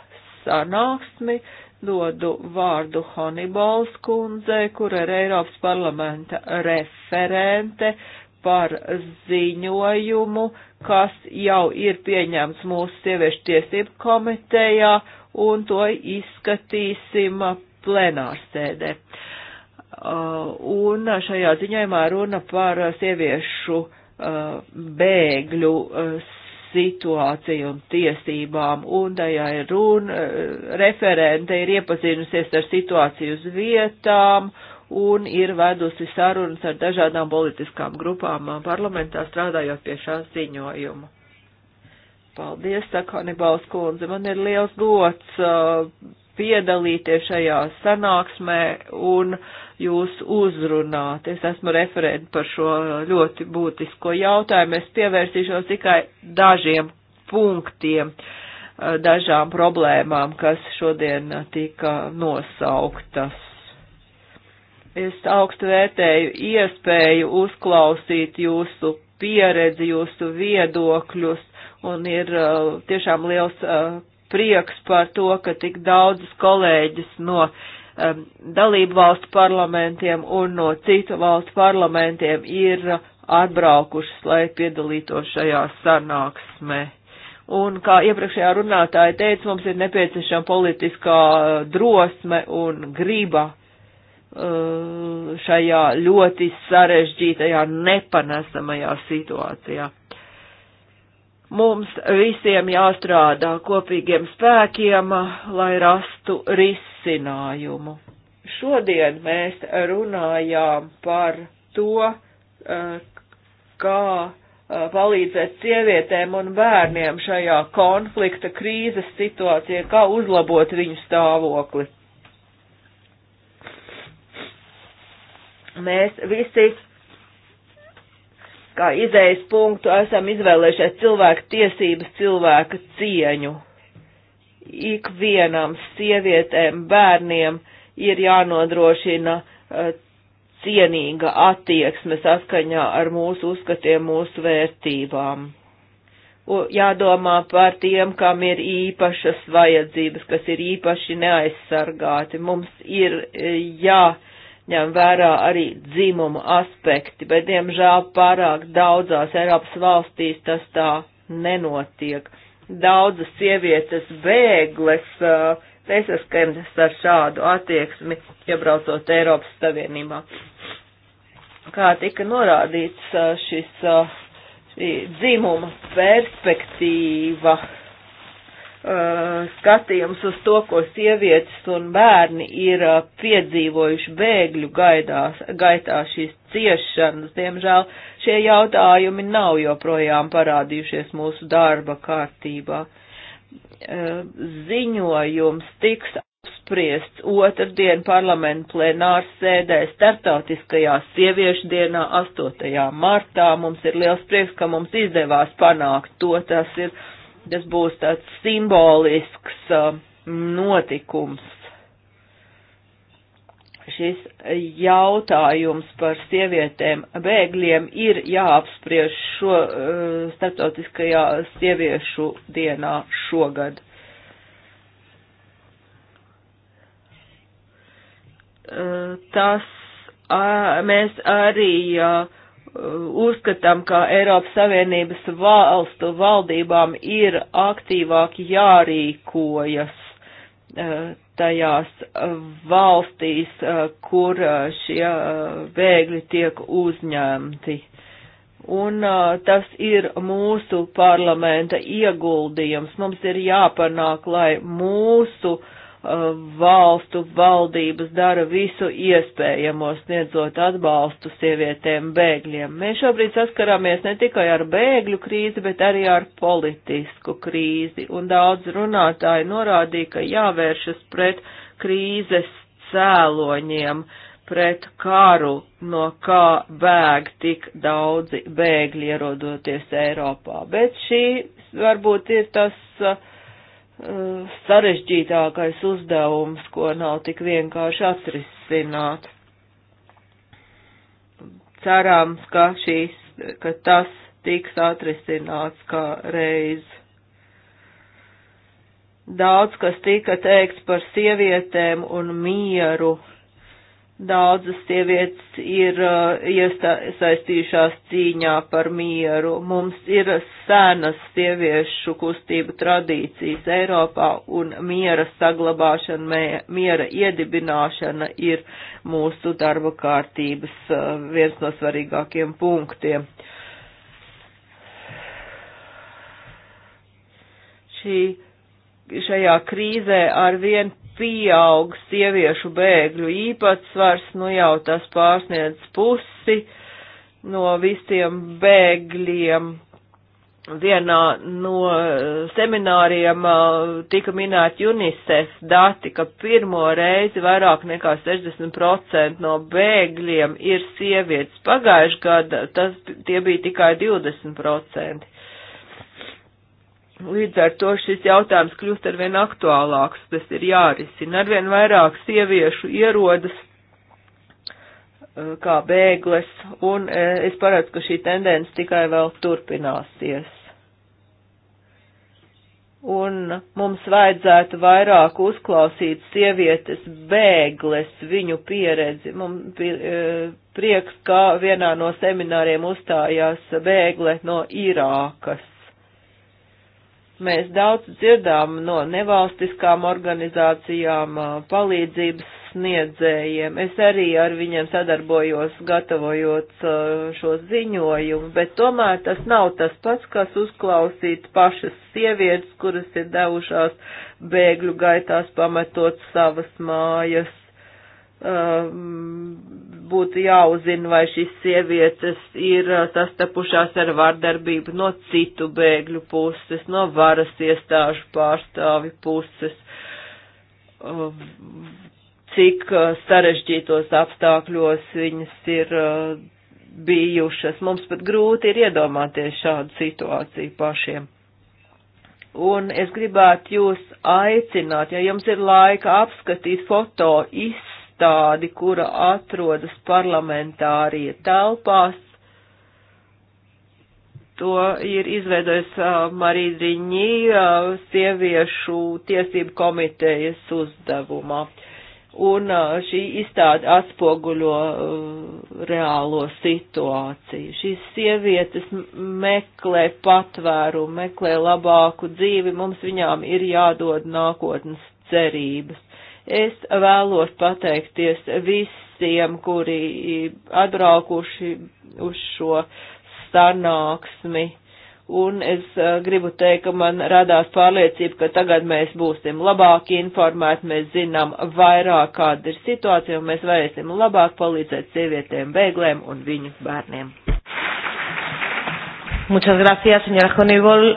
sanāksmi, dodu vārdu Honibols kundzei, kur ir Eiropas parlamenta referente par ziņojumu, kas jau ir pieņemts mūsu sieviešu tiesību komitejā, un to izskatīsim plenārsēdē. Uh, un šajā ziņojumā runa par sieviešu uh, bēgļu uh, situāciju un tiesībām, un tajā ir runa, eh, referente ir iepazinusies ar situāciju uz vietām un ir vedusi sarunas ar dažādām politiskām grupām parlamentā strādājot pie šā ziņojuma. Paldies, saka Hanibals kundze, man ir liels gods uh, piedalīties šajā sanāksmē un uh, jūs uzrunāt. Es esmu referenti par šo ļoti būtisko jautājumu. Es pievērsīšos tikai dažiem punktiem, eh, dažām problēmām, kas šodien tika nosauktas. Es augstu vērtēju iespēju uzklausīt jūsu pieredzi, jūsu viedokļus, un ir eh, tiešām liels eh, prieks par to, ka tik daudzas kolēģis no um, dalību valstu parlamentiem un no citu valstu parlamentiem ir atbraukušas, lai piedalītos šajā sanāksmē. Un, kā iepriekšējā runātāja teica, mums ir nepieciešama politiskā drosme un griba uh, šajā ļoti sarežģītajā, nepanesamajā situācijā. Mums visiem jāstrādā kopīgiem spēkiem, lai rastu risinājumu. Šodien mēs runājām par to, eh, kā eh, palīdzēt sievietēm un bērniem šajā konflikta krīzes situācijā, kā uzlabot viņu stāvokli. Mēs visi kā izējas punktu esam izvēlējušies cilvēku tiesības, cilvēku cieņu. Ikvienam sievietēm, bērniem ir jānodrošina uh, cienīga attieksme saskaņā ar mūsu uzskatiem, mūsu vērtībām. U, jādomā par tiem, kam ir īpašas vajadzības, kas ir īpaši neaizsargāti. Mums ir eh, jā. Uh, ja, ņem vērā arī dzimumu aspekti, bet, diemžēl, pārāk daudzās Eiropas valstīs tas tā nenotiek. Daudzas sievietes bēgles nesaskaņas ar šādu attieksmi, iebraucot Eiropas Savienībā. Kā tika norādīts šis šī dzimuma perspektīva Uh, skatījums uz to, ko sievietes un bērni ir uh, piedzīvojuši bēgļu gaidās, gaitā šīs ciešanas. Diemžēl šie jautājumi nav joprojām parādījušies mūsu darba kārtībā. Uh, ziņojums tiks apspriests otrdien parlamentu plenārs sēdē startautiskajā sieviešu dienā 8. martā. Mums ir liels prieks, ka mums izdevās panākt to. Tas ir tas būs tāds simbolisks uh, notikums. Šis jautājums par sievietēm bēgļiem ir jāapspriež šo uh, starptautiskajā sieviešu dienā šogad. Uh, tas mēs arī uh, uzskatām, ka Eiropas Savienības valstu valdībām ir aktīvāk jārīkojas eh, tajās eh, valstīs, eh, kur šie bēgļi tiek uzņemti. Un tas ir mūsu parlamenta ieguldījums. Mums ir jāpanāk, lai mūsu uh, Uh, valstu valdības dara visu iespējamo sniedzot atbalstu sievietēm bēgļiem. Mēs šobrīd saskarāmies ne tikai ar bēgļu krīzi, bet arī ar politisku krīzi, un daudz runātāji norādīja, ka jāvēršas pret krīzes cēloņiem, pret karu, no kā bēg tik daudzi bēgļi ierodoties Eiropā. Bet šī varbūt ir tas uh, Eh, sarežģītākais uzdevums, ko nav tik vienkārši atrisināt. Cerams, ka, šīs, ka tas tiks atrisināts kā reiz. Daudz, kas tika teikts par sievietēm un mieru Daudzas sievietes ir uh, iesaistījušās cīņā par mieru. Mums ir senas sieviešu kustību tradīcijas Eiropā un miera saglabāšana, mē, miera iedibināšana ir mūsu darba kārtības uh, viens no svarīgākiem punktiem. Šī, šajā krīzē arvien pieaug sieviešu bēgļu īpatsvars, nu jau tas pārsniedz pusi no visiem bēgļiem. Vienā no semināriem uh, tika minēti UNICEF dati, ka pirmo reizi vairāk nekā 60% no bēgļiem ir sievietes. Pagājuši gada tas, tie bija tikai 20%. Līdz ar to šis jautājums kļūst arvien aktuālāks, tas ir jārisina. Arvien vairāk sieviešu ierodas eh, kā bēgles, un eh, es paredzu, ka šī tendence tikai vēl turpināsies. Un mums vajadzētu vairāk uzklausīt sievietes bēgles, viņu pieredzi. Mums eh, prieks, ka vienā no semināriem uzstājās bēgle no Irākas Mēs daudz dzirdām no nevalstiskām organizācijām, palīdzības sniedzējiem. Es arī ar viņiem sadarbojos, gatavojot šo ziņojumu, bet tomēr tas nav tas pats, kas uzklausīt pašas sievietes, kuras ir devušās bēgļu gaitās pametot savas mājas. Ehm, būtu jāuzzina, vai šīs sievietes ir eh, sastapušās ar vardarbību no citu bēgļu puses, no varas iestāžu pārstāvi puses, ehm, cik eh, sarežģītos apstākļos viņas ir eh, bijušas. Mums pat grūti ir iedomāties šādu situāciju pašiem. Un es gribētu jūs aicināt, ja jums ir laika apskatīt foto izsākumu, iestādi, kura atrodas parlamentārie telpās. To ir izveidojis uh, Marija Ziņī, uh, sieviešu tiesību komitejas uzdevumā. Un uh, šī izstāde atspoguļo reālo situāciju. Šīs sievietes meklē patvērumu, meklē labāku dzīvi, mums viņām ir jādod nākotnes cerības Es vēlos pateikties visiem, kuri atbraukuši uz šo sanāksmi. Un es eh, gribu teikt, ka man radās pārliecība, ka tagad mēs būsim labāk informēti, mēs zinām vairāk, kāda ir situācija, un mēs varēsim labāk palīdzēt sievietēm, bēglēm un viņu bērniem. Muchas gracias, senora Honeyball.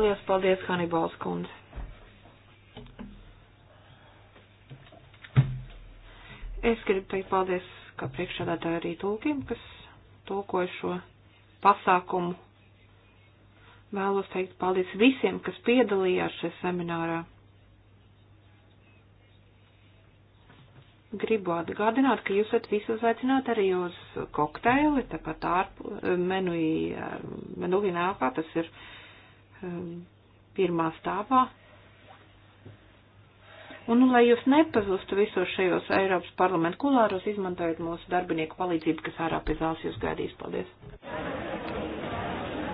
Lielas paldies, Hannibals kundze. Es gribu teikt paldies, kā priekšsādātāji arī tulkiem, kas tulkoja šo pasākumu. Vēlos teikt paldies visiem, kas piedalījās šajā seminārā. Gribu atgādināt, ka jūs esat visi uzaicināti arī uz kokteili, tāpat ārpus menu, menu vienākā, tas ir um, pirmā stāvā. Un, lai jūs nepazustu visos šajos Eiropas parlamentu kulāros, izmantojiet mūsu darbinieku palīdzību, kas ārā pie zāles jūs gaidīs. Paldies!